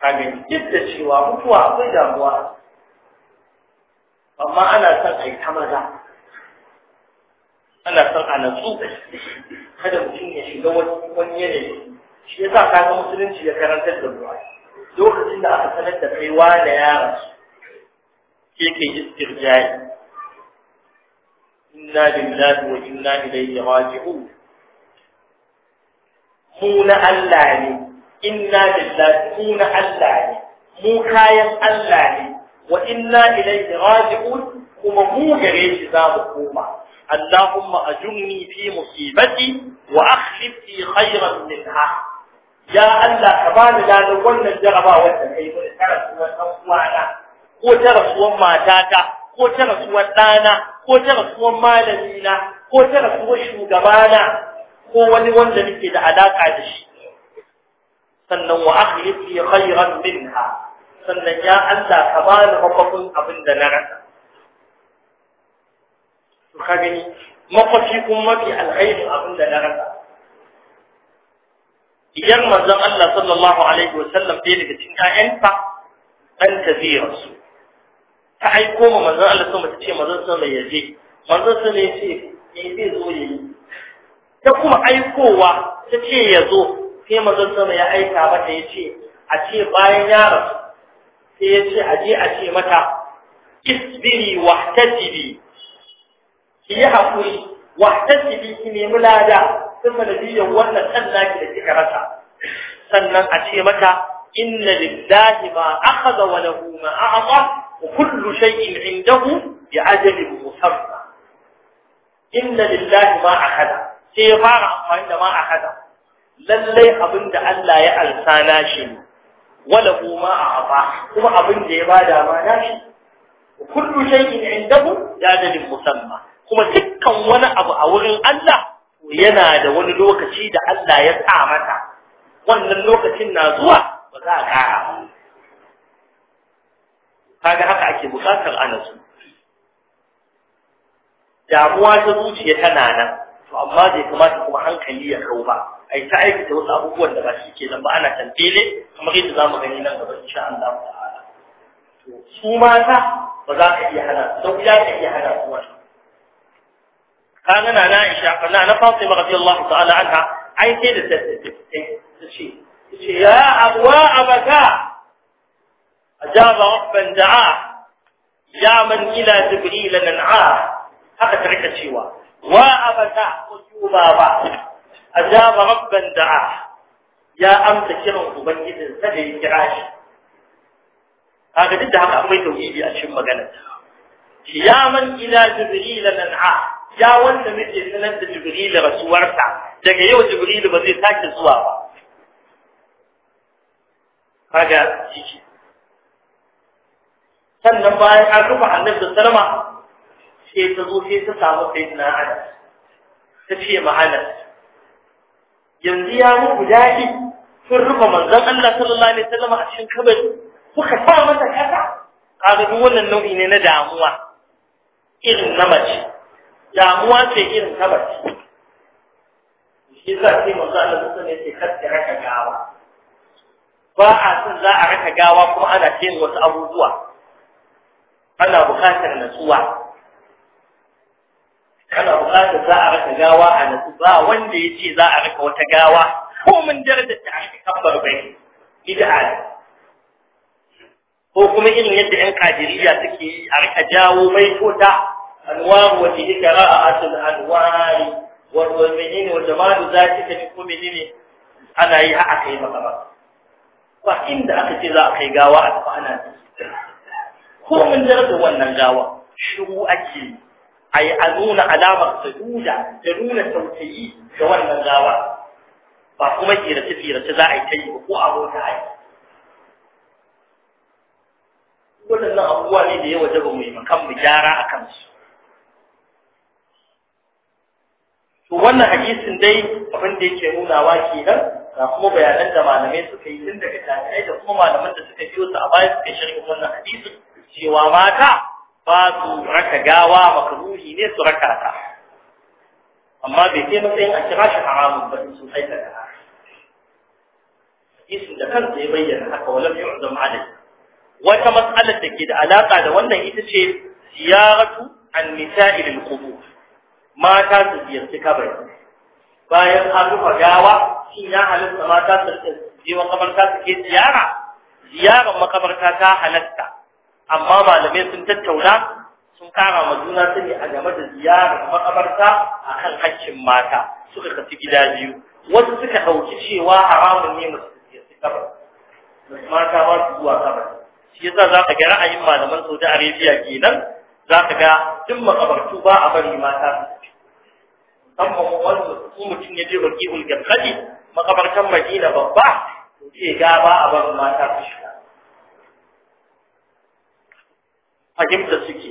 kamin duk da cewa mutuwa akwai damuwa amma ana son a yi ta maza ana son a natsu kada mutum ya shiga wani yanayi shi sa kaga musulunci ya karantar da mu lokacin da aka sanar da kai wani ya su. ke kai istirjai inna lillahi wa inna ilaihi raji'un mu na Allah ne inna lillahi mu na Allah ne mu kayan Allah ne wa inna ilaihi raji'un kuma mu gare shi za mu koma اللهم أجرني في مصيبتي وأخلف لي خيرا منها يا الله كمان لا نولنا الجربة والتكيف الحرس والأصوانا ko ta rasuwar matata ko ta rasuwar ɗana ko ta rasuwar malamina ko ta rasuwar shugabana ko wani wanda nake da alaƙa da shi sannan wa aka yi fi khayran minha sannan ya Allah ka bani mafakun abin da na rasa ka gani mafafi kuma mafi alkhairin abin da na rasa idan manzon Allah sallallahu alaihi wa sallam bai daga cikin ƴaƴansa dan tazira su ta aiko ma manzon Allah sama ta ce manzon sama ya je manzon sama ya ce ya zai zo ya yi ta kuma aikowa ta ce ya zo sai manzon sama ya aika mata ya ce a ce bayan ya rasu sai ya ce a je a ce mata isbiri wahtasibi ki yi haƙuri wahtasibi ki nemi lada ta sanadiyyar wannan ɗan naki da kika rasa sannan a ce mata inna lillahi ma akhadha wa lahu ma a'ta wa kullu shay'in 'indahu bi ajalin musamma inna lillahi ma akhadha sai ya fara amfani da ma akhadha lallai abinda Allah ya alsana shi ne wa lahu ma a'ta kuma abinda ya bada ma nashi kullu shay'in 'indahu bi ajalin musamma kuma dukkan wani abu a wurin Allah yana da wani lokaci da Allah ya sa mata wannan lokacin na zuwa ba za a kara ba kaga haka ake bukatar anasu damuwa ta zuciya tana nan to amma bai kamata kuma hankali ya kau ba ai ta aikata wasu abubuwan da ba shi ke nan ba ana tantele kamar yadda zamu gani nan gaba insha Allah ta'ala to su mata ba za ka iya hana su don ya ka iya hana su wannan kaga na Aisha na na Fatima radiyallahu ta'ala anha ai sai da tace eh, ce ya abwa abaka ajaba rabban da'a ya man ila jibril nan'a haka ta cewa wa abaka ujuba ba ajaba rabban da'a ya amsa kiran ubangijin sa da ya kira shi kaga duk da haka akwai tauhidi a cikin maganar ta ya man ila jibril nan'a ya wanda muke sanar da Jibril rasuwarsa daga yau Jibril ba zai sake zuwa ba kaga shi sannan bayan an rufe annabi sarma sai ta zo sai ta samu sayyidina Anas ta ce ma yanzu ya guda daɗi kun rufe manzon Allah sallallahu alaihi wasallam a cikin kabari kuka sa masa kasa kaga duk wannan nau'i ne na damuwa irin na mace damuwa ce irin ta bacci shi za sai za a lokacin da ce kar raka gawa ba a son za a raka gawa kuma ana cin wasu abubuwa ana bukatar natsuwa kana bukatar za a raka gawa a natsu ba wanda ya ce za a raka wata gawa ko mun jarda ta aka kabbar bai bid'a ko kuma irin yadda yan kajiriya suke yi a raka jawo kota anwaru wace ita ra'a atul anwari wa menene wata ba da za ki tafi ko menene ana yi har kai yi maka ba ba inda aka ce za a kai gawa a tafi ana yi ko mun zara da wannan gawa shiru ake yi a yi a nuna alamar da nuna tautayi da wannan gawa ba kuma tsirace-tsirace za a yi ta yi ko a mota a yi waɗannan abubuwa ne da yawa mu mai makan mu gyara a kansu to wannan hadisin dai abin da yake nunawa kenan ga kuma bayanan da malamai suka yi tun daga tabi'ai da kuma malaman da suka biyo su a baya suka shirin wannan hadisin cewa mata ba su raka gawa makaruhi ne su raka ta amma bai kai matsayin a kira shi haramun ba su aikata hadisin da kansa ya bayyana haka walam yu'zam alayhi wata mas'alar da ke da alaka da wannan ita ce ziyaratu an nisa'il qubur mata su ziyarci kabari bayan an rufa gawa shi ya halatta mata su je makabarta su ke ziyara ziyarar makabarta ta halatta amma malamai sun tattauna sun kara ma juna sani a game da ziyarar makabarta a kan haccin mata suka kafi gida biyu wasu suka ɗauki cewa haramun ne masu ziyarci kabar mata ba su zuwa kabari shi yasa za ka ga ra'ayin malaman saudi arabia kenan za ka ga duk makabartu ba a bari mata musamman wanda su mutum ya je baki ulgakali makabartan madina babba to ce gaba a bar mata su shiga fahimta suke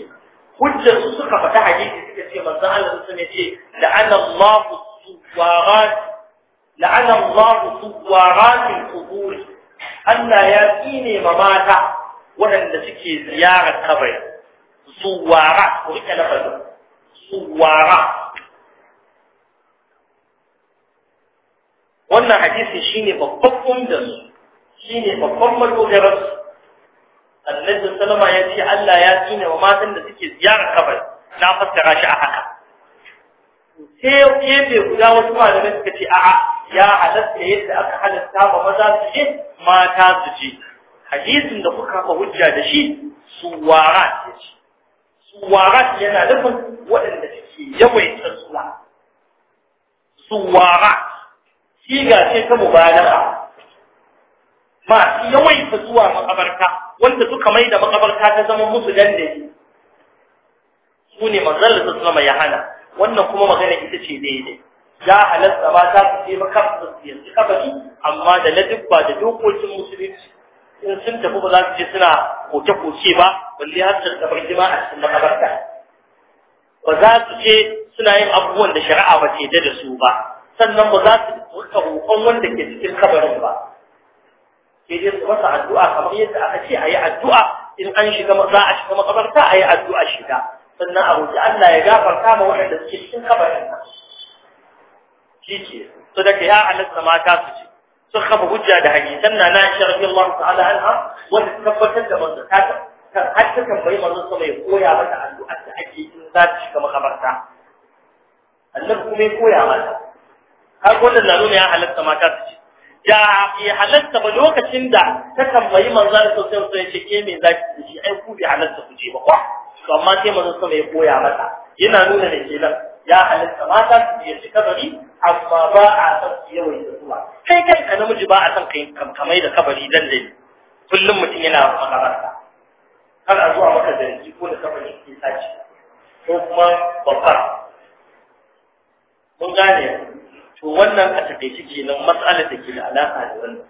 hujjar su suka faɗi hadisi suka ce manzo Allah sun ce la'ana Allahu suwarat la'ana Allahu suwarat al-qubur Allah ya tsine ma mata waɗanda suke ziyarar kabari suwara ko rike lafazin suwara wannan hadisi shine babban umdar shine babban madogarar annabi sallama ya ce Allah ya tsine wa matan da suke ziyara kabari na fassara shi a haka sai gefe guda wasu malamai suka ce a'a ya halatta yadda aka halatta ma maza su mata su hadisin da kuka kafa hujja da shi suwarat ya ce suwarat yana nufin waɗanda suke yawaita suwa suwara kiga ce ta mubalaga masu yawaita zuwa makabarta wanda suka mai da makabarta ta zama musu dandali Sune ne manzon da sallama hana wannan kuma magana ita ce daidai ya halatta ba ta su je makabarta su yanzu kabari amma da ba da dokokin musulunci in sun tafi ba za su je suna koke-koke ba balle har da kabar jima'a cikin makabarta ba za su je suna yin abubuwan da shari'a ba ce da su ba sannan ba za su rika roƙon wanda ke cikin kabarin ba ke dai su masa addu'a kamar yadda aka ce a yi addu'a in an shiga za a shiga makabarta a yi addu'a shiga sannan a roƙi Allah ya gafarta ma waɗanda suke cikin kabarin nan shi ke daga ya halatta mata su ce sun kafa hujja da hanyar. na na shi rabi Allah ta'ala wanda tabbatar da manzo ta kan har ta tambayi manzo sama ya koya mata addu'a da ake in za ta shiga makabarta Allah kuma ya koya mata har gudun na nuna ya halatta mata su ce da ya halatta ba lokacin da ta tambayi manzan da sosai sosai ce ke me zaki ku ji ai ku bi halatta ku je ba kwa to amma sai manzan sama ya koya mata yana nuna da kenan ya halatta mata su je kabari amma ba a san su yawan da zuwa kai kai ka namiji ba a san kai kamai da kabari dan dai kullum mutum yana makabarta har a zuwa maka da ko da kabari ke sace ko kuma babbar mun gane to wannan a takeice kenan matsalar da ke da alaka da wannan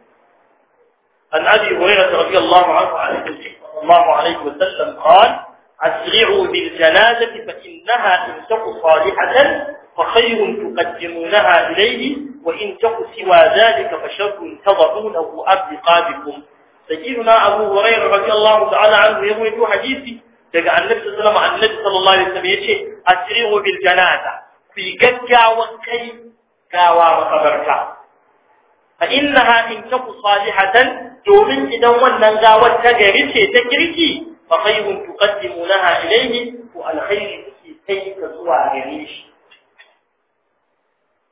an abi hurairah radiyallahu anhu sallallahu alaihi wasallam qala أسرعوا بالجنازة فإنها إن تق صالحة فخير تقدمونها إليه وإن تق سوى ذلك فشر تضعونه أبقابكم سيدنا أبو هريرة رضي ta'ala anhu عنه يقول حديثي daga annabi sallallahu alaihi wasallam annabi sallallahu alaihi wasallam yace asri'u bil janazati fi gaggawa kai gawa makabarta fa innaha in taku salihatan domin idan wannan gawar ta gari ce ta kirki fa khayrun tuqaddimunaha ilayhi wa alkhayru kuke kai ka zuwa gare shi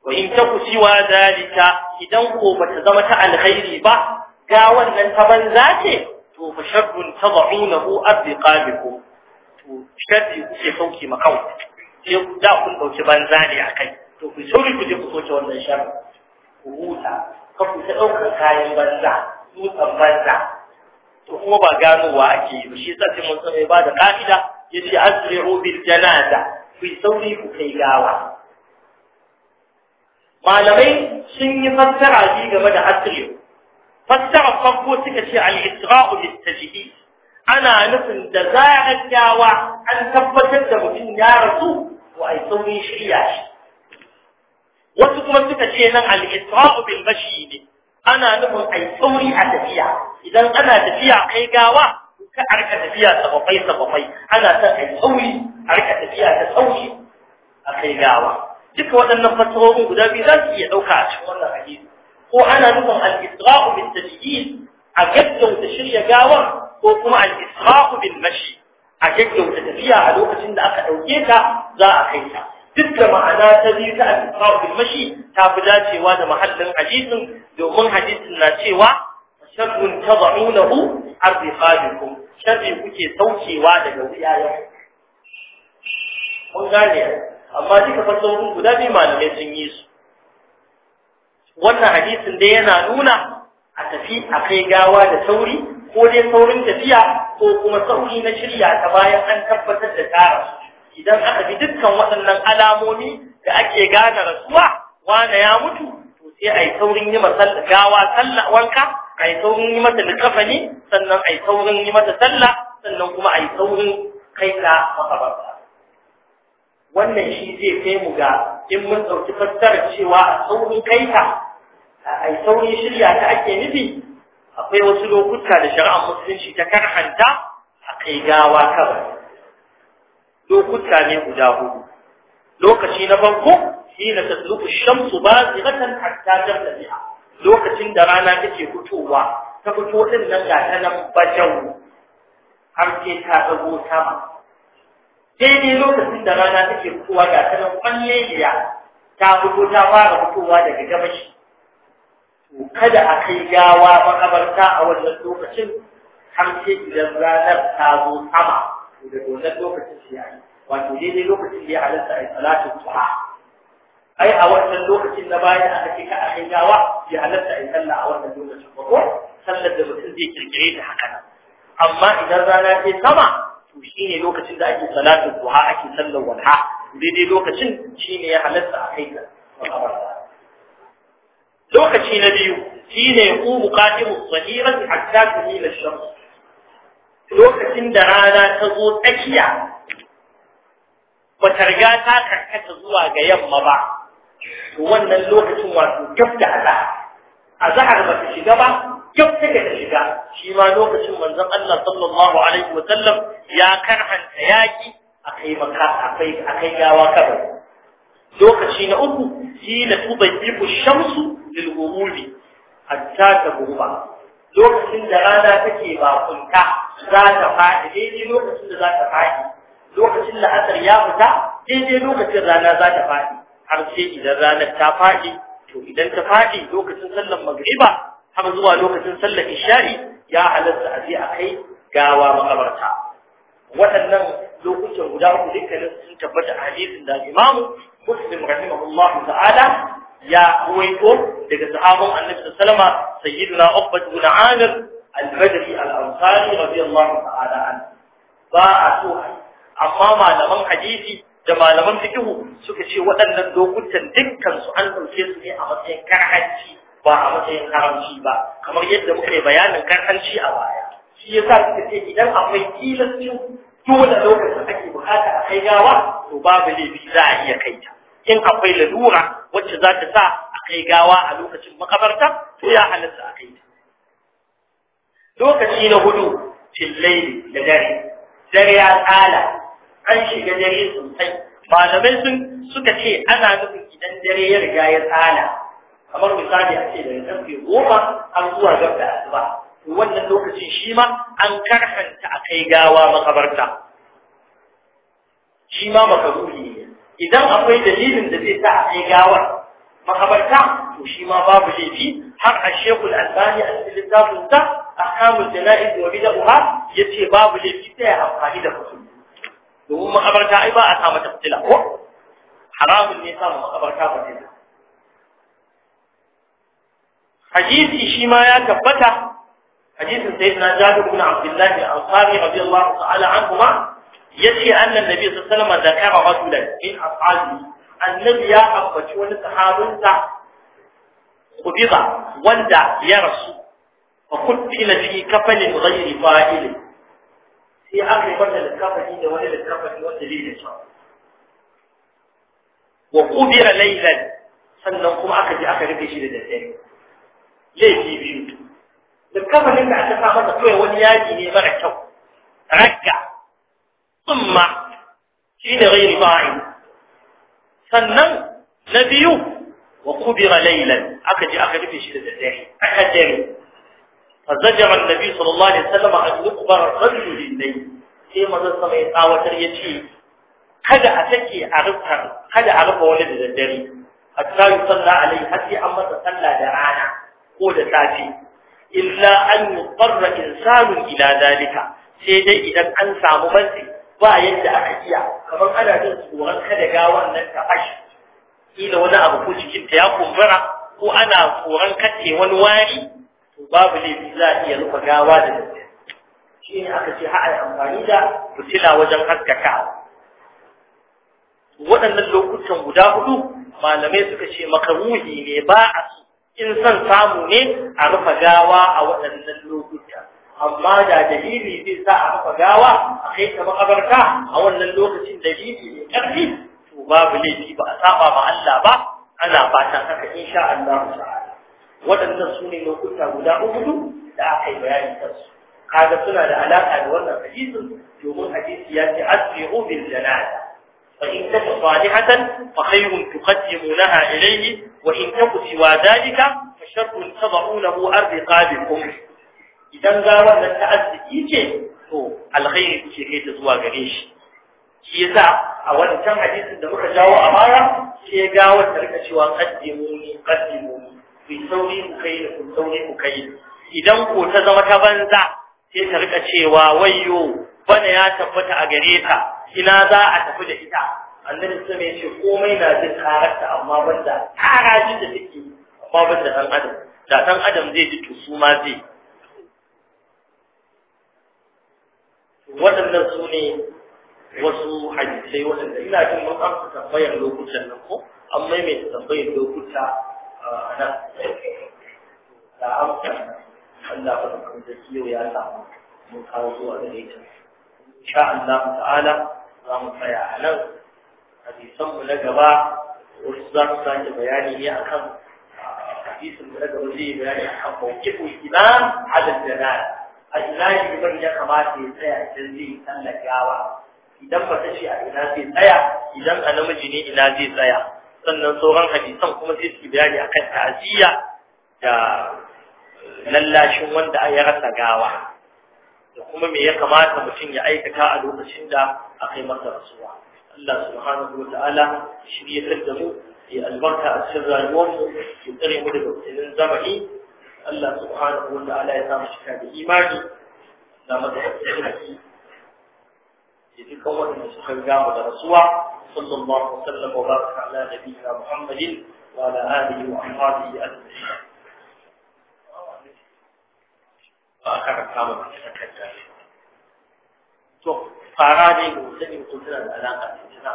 wa in taku siwa dalika idan ko bata zama ta alkhairi ba ga wannan ta banza ce to fa sharrun tad'unahu abqabikum to sharri kuke sauki makau sai da kun dauki banza ne akai to ku sauri ku je ku soke wannan sharri ku huta kan ku ta ɗaukar kayan banza dutsen banza to kuma ba ganowa ake yi ba shi yasa sai mun sanai ba da ka'ida ya ce asri'u bil janaza ku yi sauri ku kai gawa malamai sun yi fassara ji game da asri'u fassara farko suka ce al-isra'u bil tajhid ana nufin da zarar gawa an tabbatar da mutum ya rasu wa ai sauri shirya shi wasu kuma suka ce nan al-isra'u bil ne ana nufin ai sauri a tafiya idan ana tafiya kai gawa ka arka tafiya sababbai sababbai ana son ai sauri arka tafiya ta sauri a kai gawa duka waɗannan fasahohin guda biyu za su iya ɗauka a cikin wannan hadisi ko ana nufin al-isra'u bil tajhid a gaggauta shirya gawar ko kuma al-isra'u bil mashi a gaggauta tafiya a lokacin da aka ɗauke ta za a kai ta duk da ma'ana ta biyu ta al-istifham mashi ta fi dacewa da mahallin hadisin domin hadisin na cewa sharrun tad'unahu ku shabi kuke saukewa daga wuyayen kun gane amma duka wurin guda biyu malamai sun yi su wannan hadisin dai yana nuna a tafi a kai gawa da sauri ko dai saurin tafiya ko kuma sauri na shirya ta bayan an tabbatar da tara idan aka bi dukkan waɗannan alamomi da ake gane rasuwa wane ya mutu to sai a yi saurin yi masa gawa sallah wanka a yi saurin yi mata likafani sannan a yi saurin yi mata sallah sannan kuma a yi saurin kai ta makabarta wannan shi zai kai mu ga in mun ɗauki fassarar cewa a saurin kai ta a yi saurin shirya ta ake nufi akwai wasu lokuta da shari'ar musulunci ta karhanta a kai gawa kawai lokuta ne guda hudu lokaci na farko ta tasluku shamsu ba zai tan hatta tabtadi'a lokacin da rana take fitowa ta fito din nan ga ta nan bajau har sai ta dago sama daidai lokacin da rana take fitowa ga ta nan ya, ta fito ta fara fitowa daga gabashi to kada a kai gawa makabarta a wannan lokacin har sai idan ranar ta zo sama da wannan lokacin sai ai wato daidai lokacin da ya halatta ai salatu duha ai a wannan lokacin na bayan aka kika a kai gawa ya halatta ai sallah a wannan lokacin ba ko sallar da mutum zai kirkire ta haka amma idan rana ce sama to shine lokacin da ake salatu duha ake sallar walha daidai lokacin shine ya halatta a kai ta lokaci na biyu shine ku muqatimu sahira hatta tuhila shams lokacin da rana ta zo tsakiya ba ta riga ta karkata zuwa ga yamma ba to wannan lokacin wato gab da azahar ba ta shiga ba gab take ta shiga shi ma lokacin manzon Allah sallallahu alaihi wa sallam ya karhanta yaki akai maka gawa kabar lokaci na uku hina tubayyibu shamsu lil ghurubi hatta tabuba lokacin da rana take ba kunta za ta faɗi daidai lokacin da za ta faɗi lokacin da asar ya fita daidai lokacin rana za ta faɗi har sai idan ranar ta faɗi to idan ta faɗi lokacin sallar magriba har zuwa lokacin sallar isha'i ya halatta a je a kai gawa makabarta waɗannan lokutan guda uku dukkanin sun tabbata a hadisin da imamu muslim rahimahullah ta'ala ya ruwaito daga sahabban annabi sallama sayyidina ubbatu bin al-Badri al-Ansari radiyallahu ta'ala anhu ba a so amma malaman hadisi da malaman fiqh suka ce waɗannan lokutan dukkan su an dauke su ne a matsayin karhanci ba a matsayin haramci ba kamar yadda muka yi bayanin karhanci a baya shi yasa suka ce idan akwai tilastin dole lokacin ake bukata a kai gawa to babu laifi za a iya kai ta in akwai lalura wacce za ta sa a kai gawa a lokacin makabarta to ya halatta a kai ta lokaci na hudu fillai da dare dare ya tsala an shiga dare sosai malamai sun suka ce ana nufin idan dare ya riga ya tsala kamar misali a ce daga karfe goma an zuwa gab da asuba wannan lokacin shi ma an karhanta a kai gawa makabarta shi ma makaruhi ne idan akwai dalilin da zai sa a kai gawar makabarta to shi ma babu laifi har a shekul albani a cikin littafinsa ahkamul jana'iz wa bid'ah yace babu laifi sai amfani da fasul domin makabarta ai ba a sa mata fitila ko haramun ne sa makabarta ba ne hadisi shi ma ya tabbata hadisin sayyidina Jabir ibn Abdullah al-Ansari radiyallahu ta'ala anhuma yace annan nabi sallallahu alaihi wasallam zakara rasulan min ashabi annabi ya ambaci wani sahabinsa kubiza wanda ya rasu وقتل في كفل غير فائل في اخر قتل الكفل دي ولا الكفل دي ولا دي ان وقدر ليلا سنقوم اخر اخر شيء ده ليه دي بيوت الكفل اللي انت عشان فاضل كده وان يجي لي رجع ثم شيء غير فائل سنن نبيو وقدر ليلا اخر اخر شيء ده ثاني اخر فزجر النبي صلى الله عليه وسلم أن يكبر الرجل إليه sai mazan sama tsawatar ya ce kada a take a rufa kada a rufa wani da daddare hatta yi salla alai har an masa sallah da rana ko da safe illa an yuqarra insanun ila zalika sai dai idan an samu matsi ba yadda aka iya kamar ana jin tsoron kada gawan nan ta fashi ila wani abu ko ya kumbura ko ana tsoron kace wani wari to babu ne za a iya rufa gawa da dare shi ne aka ce ha'ai amfani da fitila wajen haskaka waɗannan lokutan guda hudu malamai suka ce makaruhi ne ba a in son samu ne a rufe gawa a waɗannan lokuta amma da dalili zai sa a rufa gawa a kai ta makabarta a wannan lokacin dalili ne ƙarfi to babu laifi ba a saba ma Allah ba ana fatan haka insha Allah ta'ala waɗannan su ne lokuta guda uku da aka yi bayanin kansu kaga suna da alaƙa da wannan hadisin domin hadisi ya ce asbihu bil janaza fa in taka salihatan fa khayrun tuqaddimunaha ilayhi wa in taku siwa dalika fa sharrun tad'unahu arqabikum idan ga wannan ta'azziki ce to alkhairi ke kai ta zuwa gare shi shi yasa a wancan hadisin da muka jawo a baya sai ga wannan cewa qaddimuni qaddimuni ku sauri ku kai da ku sauri ku kai idan ko ta zama ta banza sai ta rika cewa wayyo bana ya tabbata a gare ta ina za a tafi da ita annabi sai ya ce komai na jin karanta amma banda ji da take amma banda dan adam da dan adam zai ji to su ma zai waɗannan su ne wasu hadisai waɗanda ina jin mun amsa tambayar lokutan nan ko an maimaita tambayar lokuta ana da hausa Allah ba ta kuma yau ya samu mun kawo zuwa gare ta insha Allah ta'ala za mu tsaya a nan hadisan mu na gaba wasu za su sake bayani ne akan hadisin da gaba zai bayani akan mawqiful imam ala jalal a ina ne ya kamata ya tsaya idan zai tsallakawa idan ba ta ce a ina zai tsaya idan a namiji ne ina zai tsaya sannan sauran hadisan kuma sai su bayani akan ta'aziyya da lallashin wanda ya rasa gawa da kuma me ya kamata mutum ya aikata a lokacin da aka yi masa rasuwa Allah subhanahu wa ta'ala ya da mu ya albarka a cikin rayuwar mu ya tsare mu daga fitinin zamani Allah subhanahu wa ta'ala ya samu shi da imani da madaukakin sarki يجي قوله من سكان جامع الرسول صلى الله عليه وسلم وبارك على نبينا محمد وعلى آله وأصحابه أجمعين فأخر كامل تتكلم to fara ne ko sani ko tana da alaka da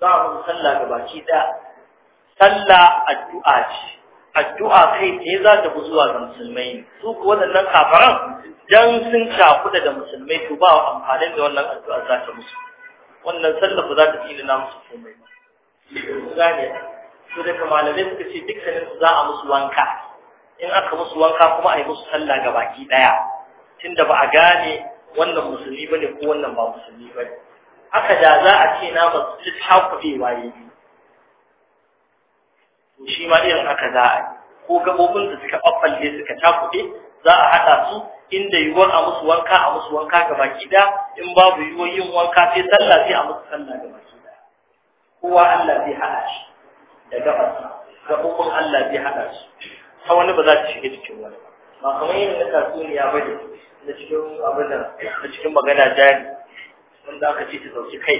za mu sallah baki da sallah addu'a ce addu'a kai ne za ta bi zuwa ga musulmai su ko wannan kafaran dan sun shafuda da musulmai to ba amfani da wannan addu'a za ta musu wannan sallah ba za ta na musu komai ba gane su da malamai suka ce dukkanin su za a musu wanka in aka musu wanka kuma a yi musu sallah gabaki daya tunda ba a gane wannan musulmi bane ko wannan ba musulmi bane haka da za a ce na ba su takuɗe waye to shi ma irin haka za a yi ko gabobin da suka ɓaɓɓalle suka takuɗe za a haɗa su inda yiwuwar a musu wanka a musu wanka ga baki da in babu yiwuwar yin wanka sai sallah sai a musu sallah ga baki da kowa Allah zai haɗa shi da Ga gabobin Allah zai haɗa shi ta wani ba za ta shiga cikin wani ba kamar yin na tatsuniya ba da cikin abin da cikin magana jari wanda aka ce ta dauki kai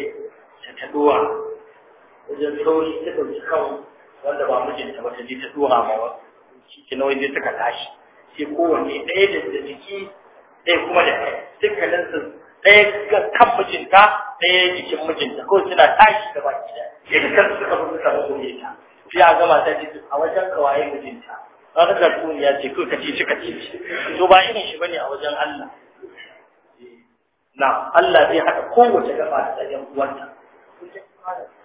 ta ta wajen sauri ta dauki kan wanda ba mijinta ba ta je ta duwa ma wa? shi nawa ne suka tashi sai kowanne ɗaya da jiki ɗaya kuma da dukkanin su ɗaya ga kan mijinta ɗaya jikin mijinta kawai suna tashi da baki da ya ga kansu suka fi suka ta sai gama ta ce a wajen kawaye mijinta ba ka ya ce shi ka ce shi ce to ba irin shi bane a wajen Allah na Allah zai haɗa kowace gaba da ɗan uwanta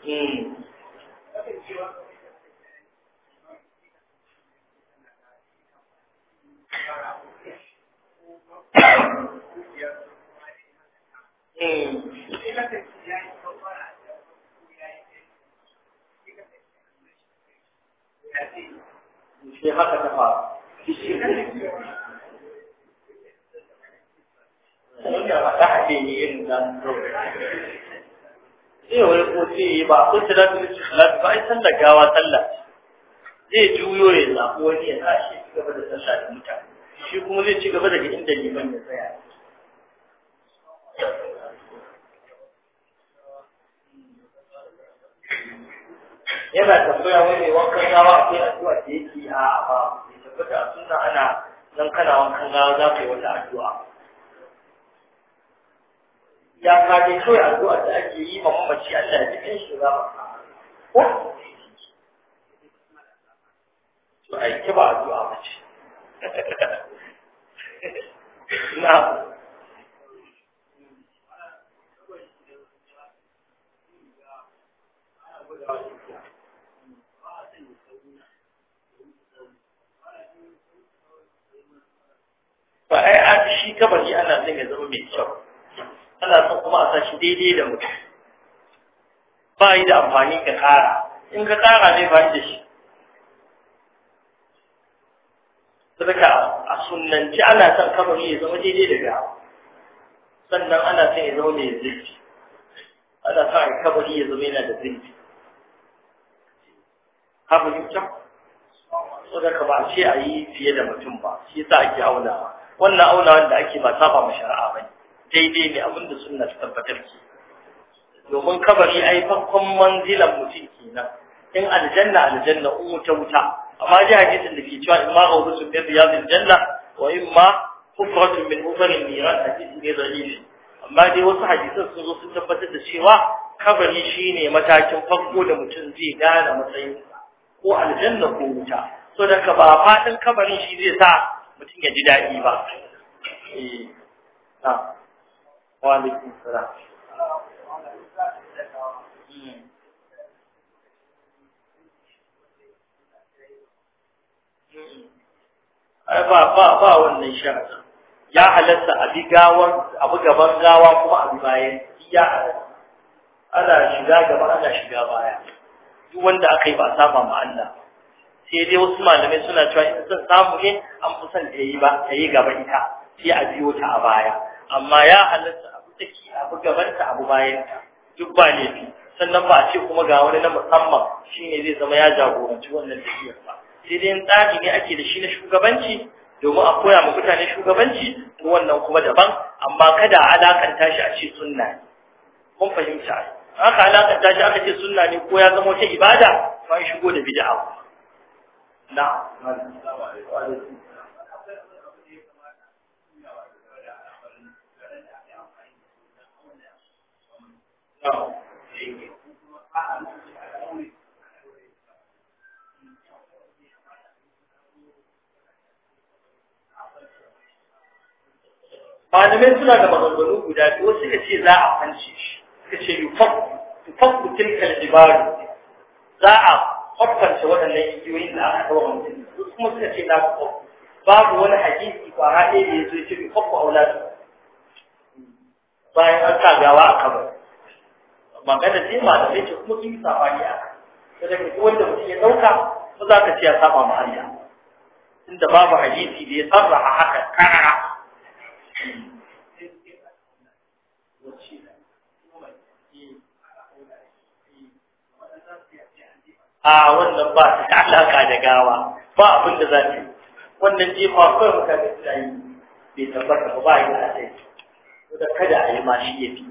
hmm. Hmm. haka ta fara. zai wani ko zai yi ba su salatu da ikhlas ba ai da gawa sallah zai juyo ya zaɓi wani ya tashi ci gaba da sallah da mutane shi kuma zai ci gaba daga inda liman ya tsaya yana tambaya wani wankan gawa akwai addu'a da yake a ba ya tabbata a sunna ana nan kana wankan gawa za ku yi wata addu'a ya ka dai kawai addu'a da ake yi ma mamaci Allah ya kai shi za ka ko to ai ke ba addu'a ba ce na ba ai a shi kabari ana zai ya zama mai kyau ana son kuma a sashi daidai da mutum ba yi da amfani ka kara in ka kara zai ba da shi sadaka a sunanci ana son kamari ya zama daidai da gawa sannan ana son ya zama ya zirfi ana son a kabari ya zama yana da zirfi haɓu yuta ka ba a ce a yi fiye da mutum ba shi yasa ake aunawa wannan aunawa da ake ba saba ma shari'a ba ne daidai ne abinda sunna ta tabbatar ki domin kabari a yi farkon manzilan mutum nan, in aljanna aljanna in wuta wuta amma ji hadisin da ke cewa in ma gauru sun bin riyadin janna wa in ma kufratun min ufarin miran hadisi ne zalili amma dai wasu hadisan sun zo sun tabbatar da cewa kabari shi ne matakin farko da mutum zai gane matsayinsa ko aljanna ko wuta so da ka ba faɗin kabarin shi zai sa mutum ya ji daɗi ba. Eh, وعليكم السلام ba ba ba wannan sharaɗin ya halatta a bi gawar abu gaban gawa kuma a bi bayan ya halatta ana shiga gaba ana shiga baya duk wanda aka yi ba saba ma Allah sai dai wasu malamai suna cewa in son samu ne an fi son ta yi ba ta yi gaba ita sai a biyo ta a baya amma ya halatta saki abu gabanta abu bayanta duk ba ne sannan ba a ce kuma ga wani na musamman shine zai zama ya jagoranci wannan tafiyar ba sai dai tsari ne ake da shi na shugabanci domin a koya ma mutane shugabanci ko wannan kuma daban amma kada a alakanta shi a ce sunna ne kun fahimta haka alakanta shi aka ce sunna ne ko ya zama wata ibada ba shigo da bid'a na malamai suna da maganganu guda biyu wasu ka ce za a kwance shi ka ce yufakku tilkal jibaru za a kwakwance waɗannan igiyoyin da aka kawo mutum su kuma suka ce za kwakwa babu wani hadisi kwara ɗaya da ya zo ya ce yufakku a wulatu bayan an sa gawa a kabar magana ce ma da zai ce kuma kin saba a kai sai ka wanda mutum ya dauka ba za ka ce ya saba ma Allah inda babu hadisi da ya sarraha haka karara a wannan ba ta da alaka da gawa ba abin da za ta yi wannan jefa kawai mutane suna yi bai tabbata ba ba yi da asai da kada a yi ma shi ya fi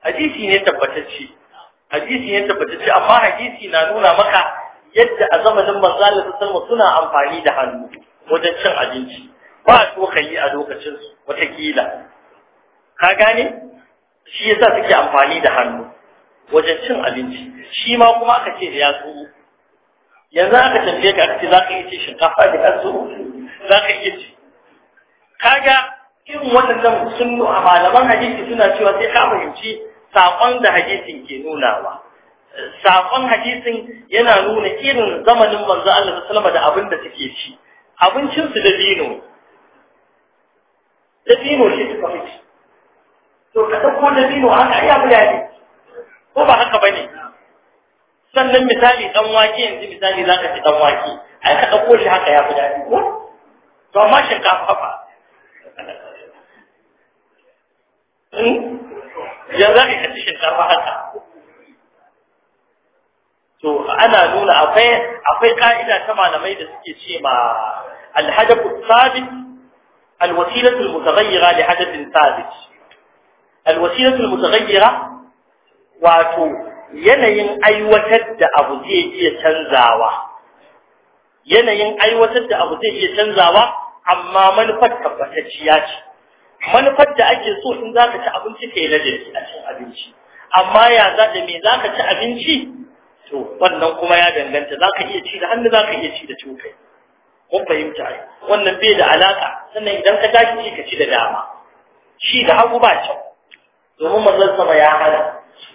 hadisi ne tabbatacce hadisi ne tabbatacce amma hadisi na nuna maka yadda a zamanin manzo Allah sallallahu suna amfani da hannu wajen cin abinci ba to kai a lokacin su watakila ka gane shi yasa suke amfani da hannu wajen cin abinci shi ma kuma aka ce da yatsu yanzu aka tambaye ka aka ce za ka iya ce shinkafa da yatsu za ka iya ce kaga irin sun sunnu a malaman hadisi suna cewa sai ka fahimci saƙon da hadisin ke nunawa saƙon hadisin yana nuna irin zamanin manzo Allah salama da abin da suke ci abincin su da dino da dino shi suka fi to ka dauko da dino haka ya fi ya ko ba haka ba ne? sannan misali ɗan wake yanzu misali za ka ci ɗan wake ai ka ɗauko shi haka ya fi dadi ko to amma shinkafa fa Eh? ya za ka ci shinkafa haka to ana nuna akwai akwai ka'ida ta malamai da suke ce ma al-hadath thabit al-wasilah al-mutaghayyira li hadath thabit al-wasilah al-mutaghayyira wato yanayin aiwatar da abu zai iya canzawa yanayin aiwatar da abu zai iya canzawa amma manufar tabbatacciya ce manufar da ake so in za ka ci abinci ka yi ladabi a cin abinci amma ya za da me za ka ci abinci to wannan kuma ya danganta za ka iya ci da hannu za ka iya ci da cokali mun fahimta ai wannan bai da alaka sannan idan ka tashi ci ka ci da dama ci da hagu ba can. domin manzon sama ya hana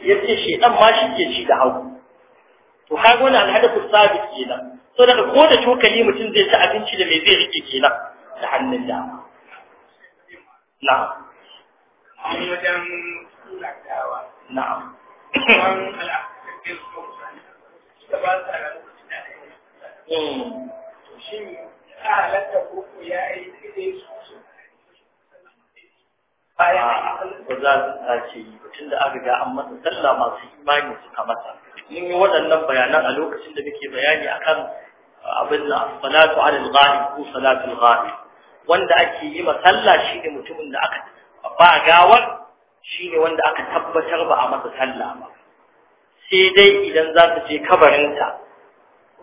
ya ce shi dan ma shi ke ci da hagu to kaga wannan alhadathu sabit kenan so daga ko da cokali mutum zai ci abinci da me zai rike kenan da hannun dama na'am wajen na'am da ba da lokacin da hmm. ne halatta ko ya dai su bayan ba za su sace yi tun da aka ga an masa sallah masu imani suka masa mun yi waɗannan bayanan a lokacin da muke bayani akan abin da salatu ala al-ghaib ko salatu al-ghaib wanda ake yi masalla shi ne mutumin da aka ba gawar shi ne wanda aka tabbatar ba a masa sallah ba sai dai idan za su je kabarinsa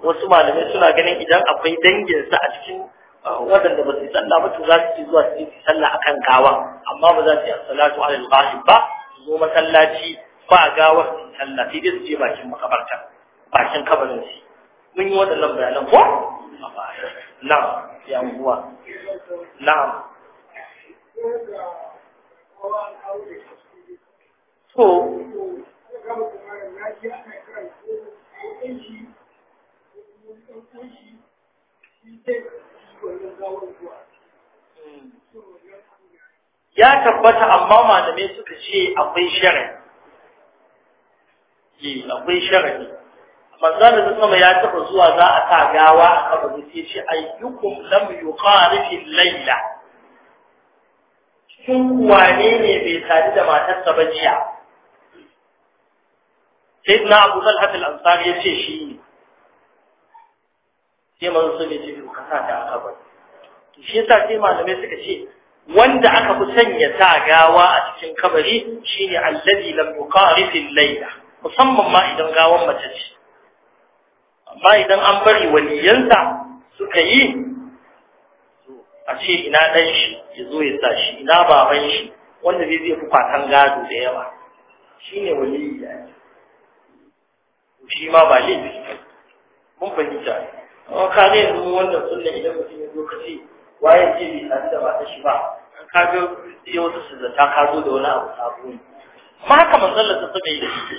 wasu malamai suna ganin idan akwai danginsa a cikin uh, waɗanda ba su yi sallah ba to za su ci zuwa su yi sallah akan gawa amma ba za su yi salatu ala al ba su zo masallaci ba gawar su sallah sai dai su je bakin makabarta bakin kabarin mun yi waɗannan bayanan ko ya uwa na'am to ya tabbata amma malamai suka ce akwai shari'a eh, akwai shari'a manzon da kuma ya taba zuwa za a sa gawa a kabari shi ce ayyukum lam yuqarif al-layla shin wane ne bai sadu da matarsa ba jiya sayyidina Abu Talha al-Ansari ya ce shi ne sai manzon sai ya ce ka sa ta a kabari shi yasa sai malamai suka ce wanda aka fi sanya sa gawa a cikin kabari shine allazi lam yuqarif al-layla musamman ma idan gawan mace ce amma idan an bari waliyansa suka yi a ce ina ɗan shi ya zo ya sa shi ina baban shi wanda zai zai fi kwatan gado da yawa shi ne waliyi ya yi shi ma ba yi mun fahimta amma ka ne yanzu wannan sunan idan mutum ya zo ka ce waye ce bai sadu da mata shi ba an ka ga sai wasu su zata ka zo da wani abu sabo ne amma haka manzon ta saba yi da shi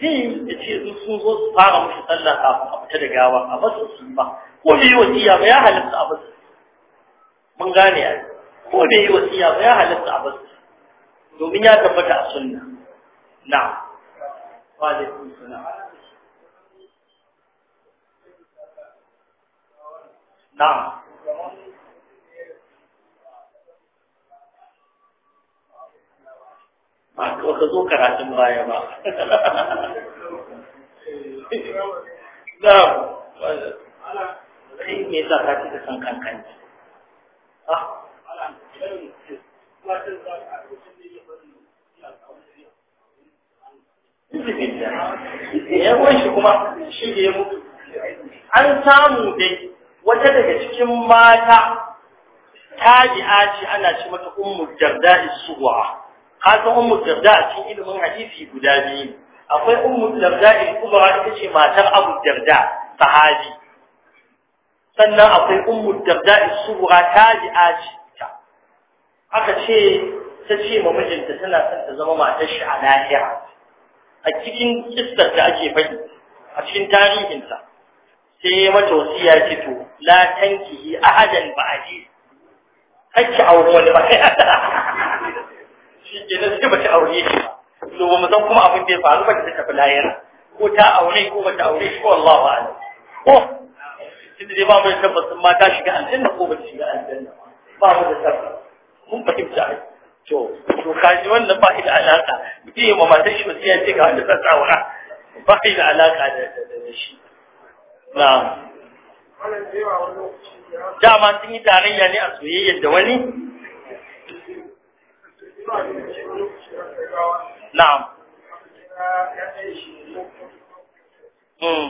zai ya ce su sun zo su fara mushi sallah kafin a fita da gawa a basu su ba ko bai yi wasiya ba ya halatta a basu mun gane ai ko bai yi wasiya ba ya halatta a basu domin ya tabbata a sunna na wa alaikum salam na'am ba ka zo karatun baya ba na kai me yasa ka kika san kankan ah ya kuwa shi kuma shi da ya mutu an samu dai wata daga cikin mata ta ji aci ana ci mata ummu jarda isuwa kasan ummu darda a cikin ilimin hadisi guda biyu akwai ummu darda al-kubra ita ce matar abu darda sahabi sannan akwai ummu darda al-sughra tabi'a ce aka ce ta ce ma mijinta tana son ta zama matar shi a lahira a cikin kistar da ake faɗi a cikin tarihinta sai ya mata wasiya ce to la tankihi ahadan ba'adi kacce aure wani ba shi ke nan sai bata aure shi ba ba mu san kuma abin da ya faru ba da tafi lahira ko ta aure ko bata aure shi ko Allahu a'lam ko tunda dai ba mu da tabbacin mata shiga aljanna ko bata shiga aljanna ba mu da tabbacin mun fahimta ai to to kaji wannan ba shi da alaka mutum ya mamatan shi ba sai wasiya ce ga wanda zan tsawara ba shi da alaka da shi na'am dama sun yi tarayya ne a soyayyar da wani na'am Yi hmm.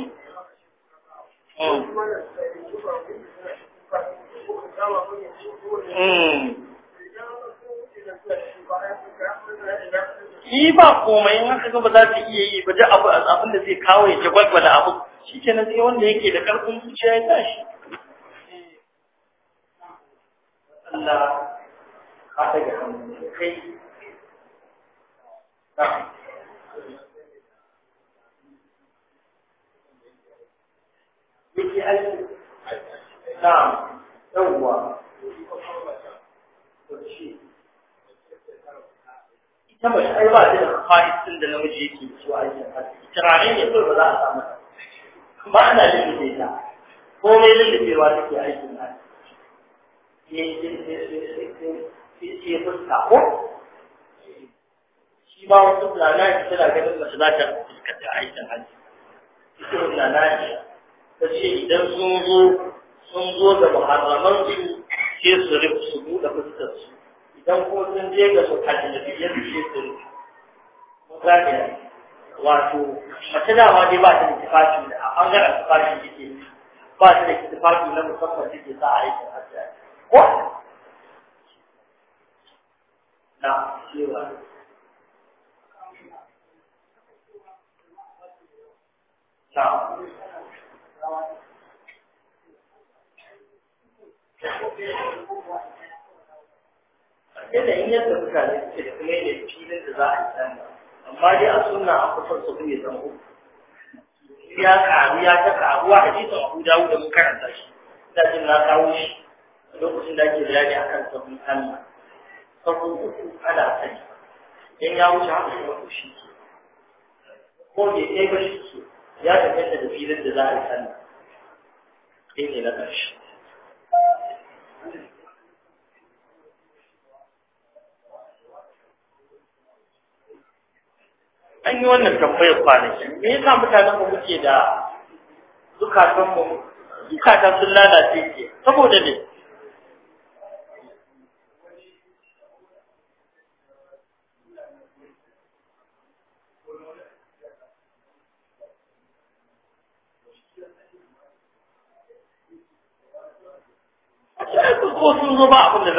hmm. hmm. ba komai in haka ba za ta iya yi ba da abu a abin da zai kawo ya jagwalgwala abu shi kenan sai wanda yake da ƙarfin zuciya ya tashi. Allah ka daga hannu kai ita ai ba ta da fari tun da namiji yake ciwo aikin arziki turare ne ba za a ana aikin eh, eh, eh, sai ya fuska ko shi ba wasu tunanin tana ganin mace za ta fuskanci aikin hajji ita tunanin ta ce idan sun zo sun zo da muharraman su sai su rufe su buɗe fuskar su idan kuma sun je ga su hajji da biyar su sai su rufe mun gane wato mace dama dai ba ta da tufafi da a ɓangaren tufafin take ba ta da tufafi na musamman take sa aikin hajji ko na cewa na yadda in yadda mutane suke da kuma yadda filin da za a yi sanda amma dai a suna a kusan su ne zama ya karu ya ta karuwa a jisun abu dawo da mun karanta shi da jin na kawo shi lokacin da ake a kan sabbin sallah farko uku ana sani idan ya wuce haka kuma to shi ke ko bai kai ba shi ke ya danganta da filin da za a yi sani kai ne na ƙarshe an yi wannan tambayar kwanaki me yasa mutanen mu muke da zukatanmu zukatan sun lalace ke saboda ne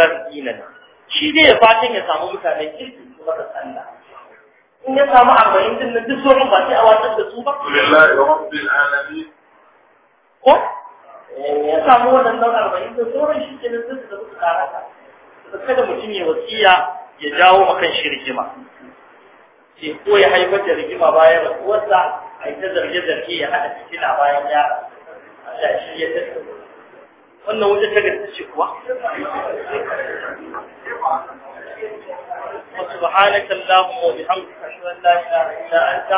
sarƙinan shi zai ya fata ya samu mutanen kirki su maka sallah in ya samu arba'in din nan duk sauran ba sai a watsar da su ba ko eh, ya samu waɗannan arba'in din sauran shi ke nan duk da su karata kada mutum ya wasiya ya jawo makan shi rigima ke ko ya haifar da rigima bayan rasuwarsa a yi ta zarge-zarge ya haɗa fitina bayan ya shi ya tattara wannan wajen ta الشكوى وسبحانك سبحانك اللهم وبحمدك اشهد ان لا اله الا انت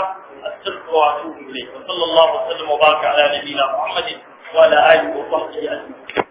استغفرك واتوب اليك وصلى الله وسلم وبارك على نبينا محمد وعلى اله وصحبه اجمعين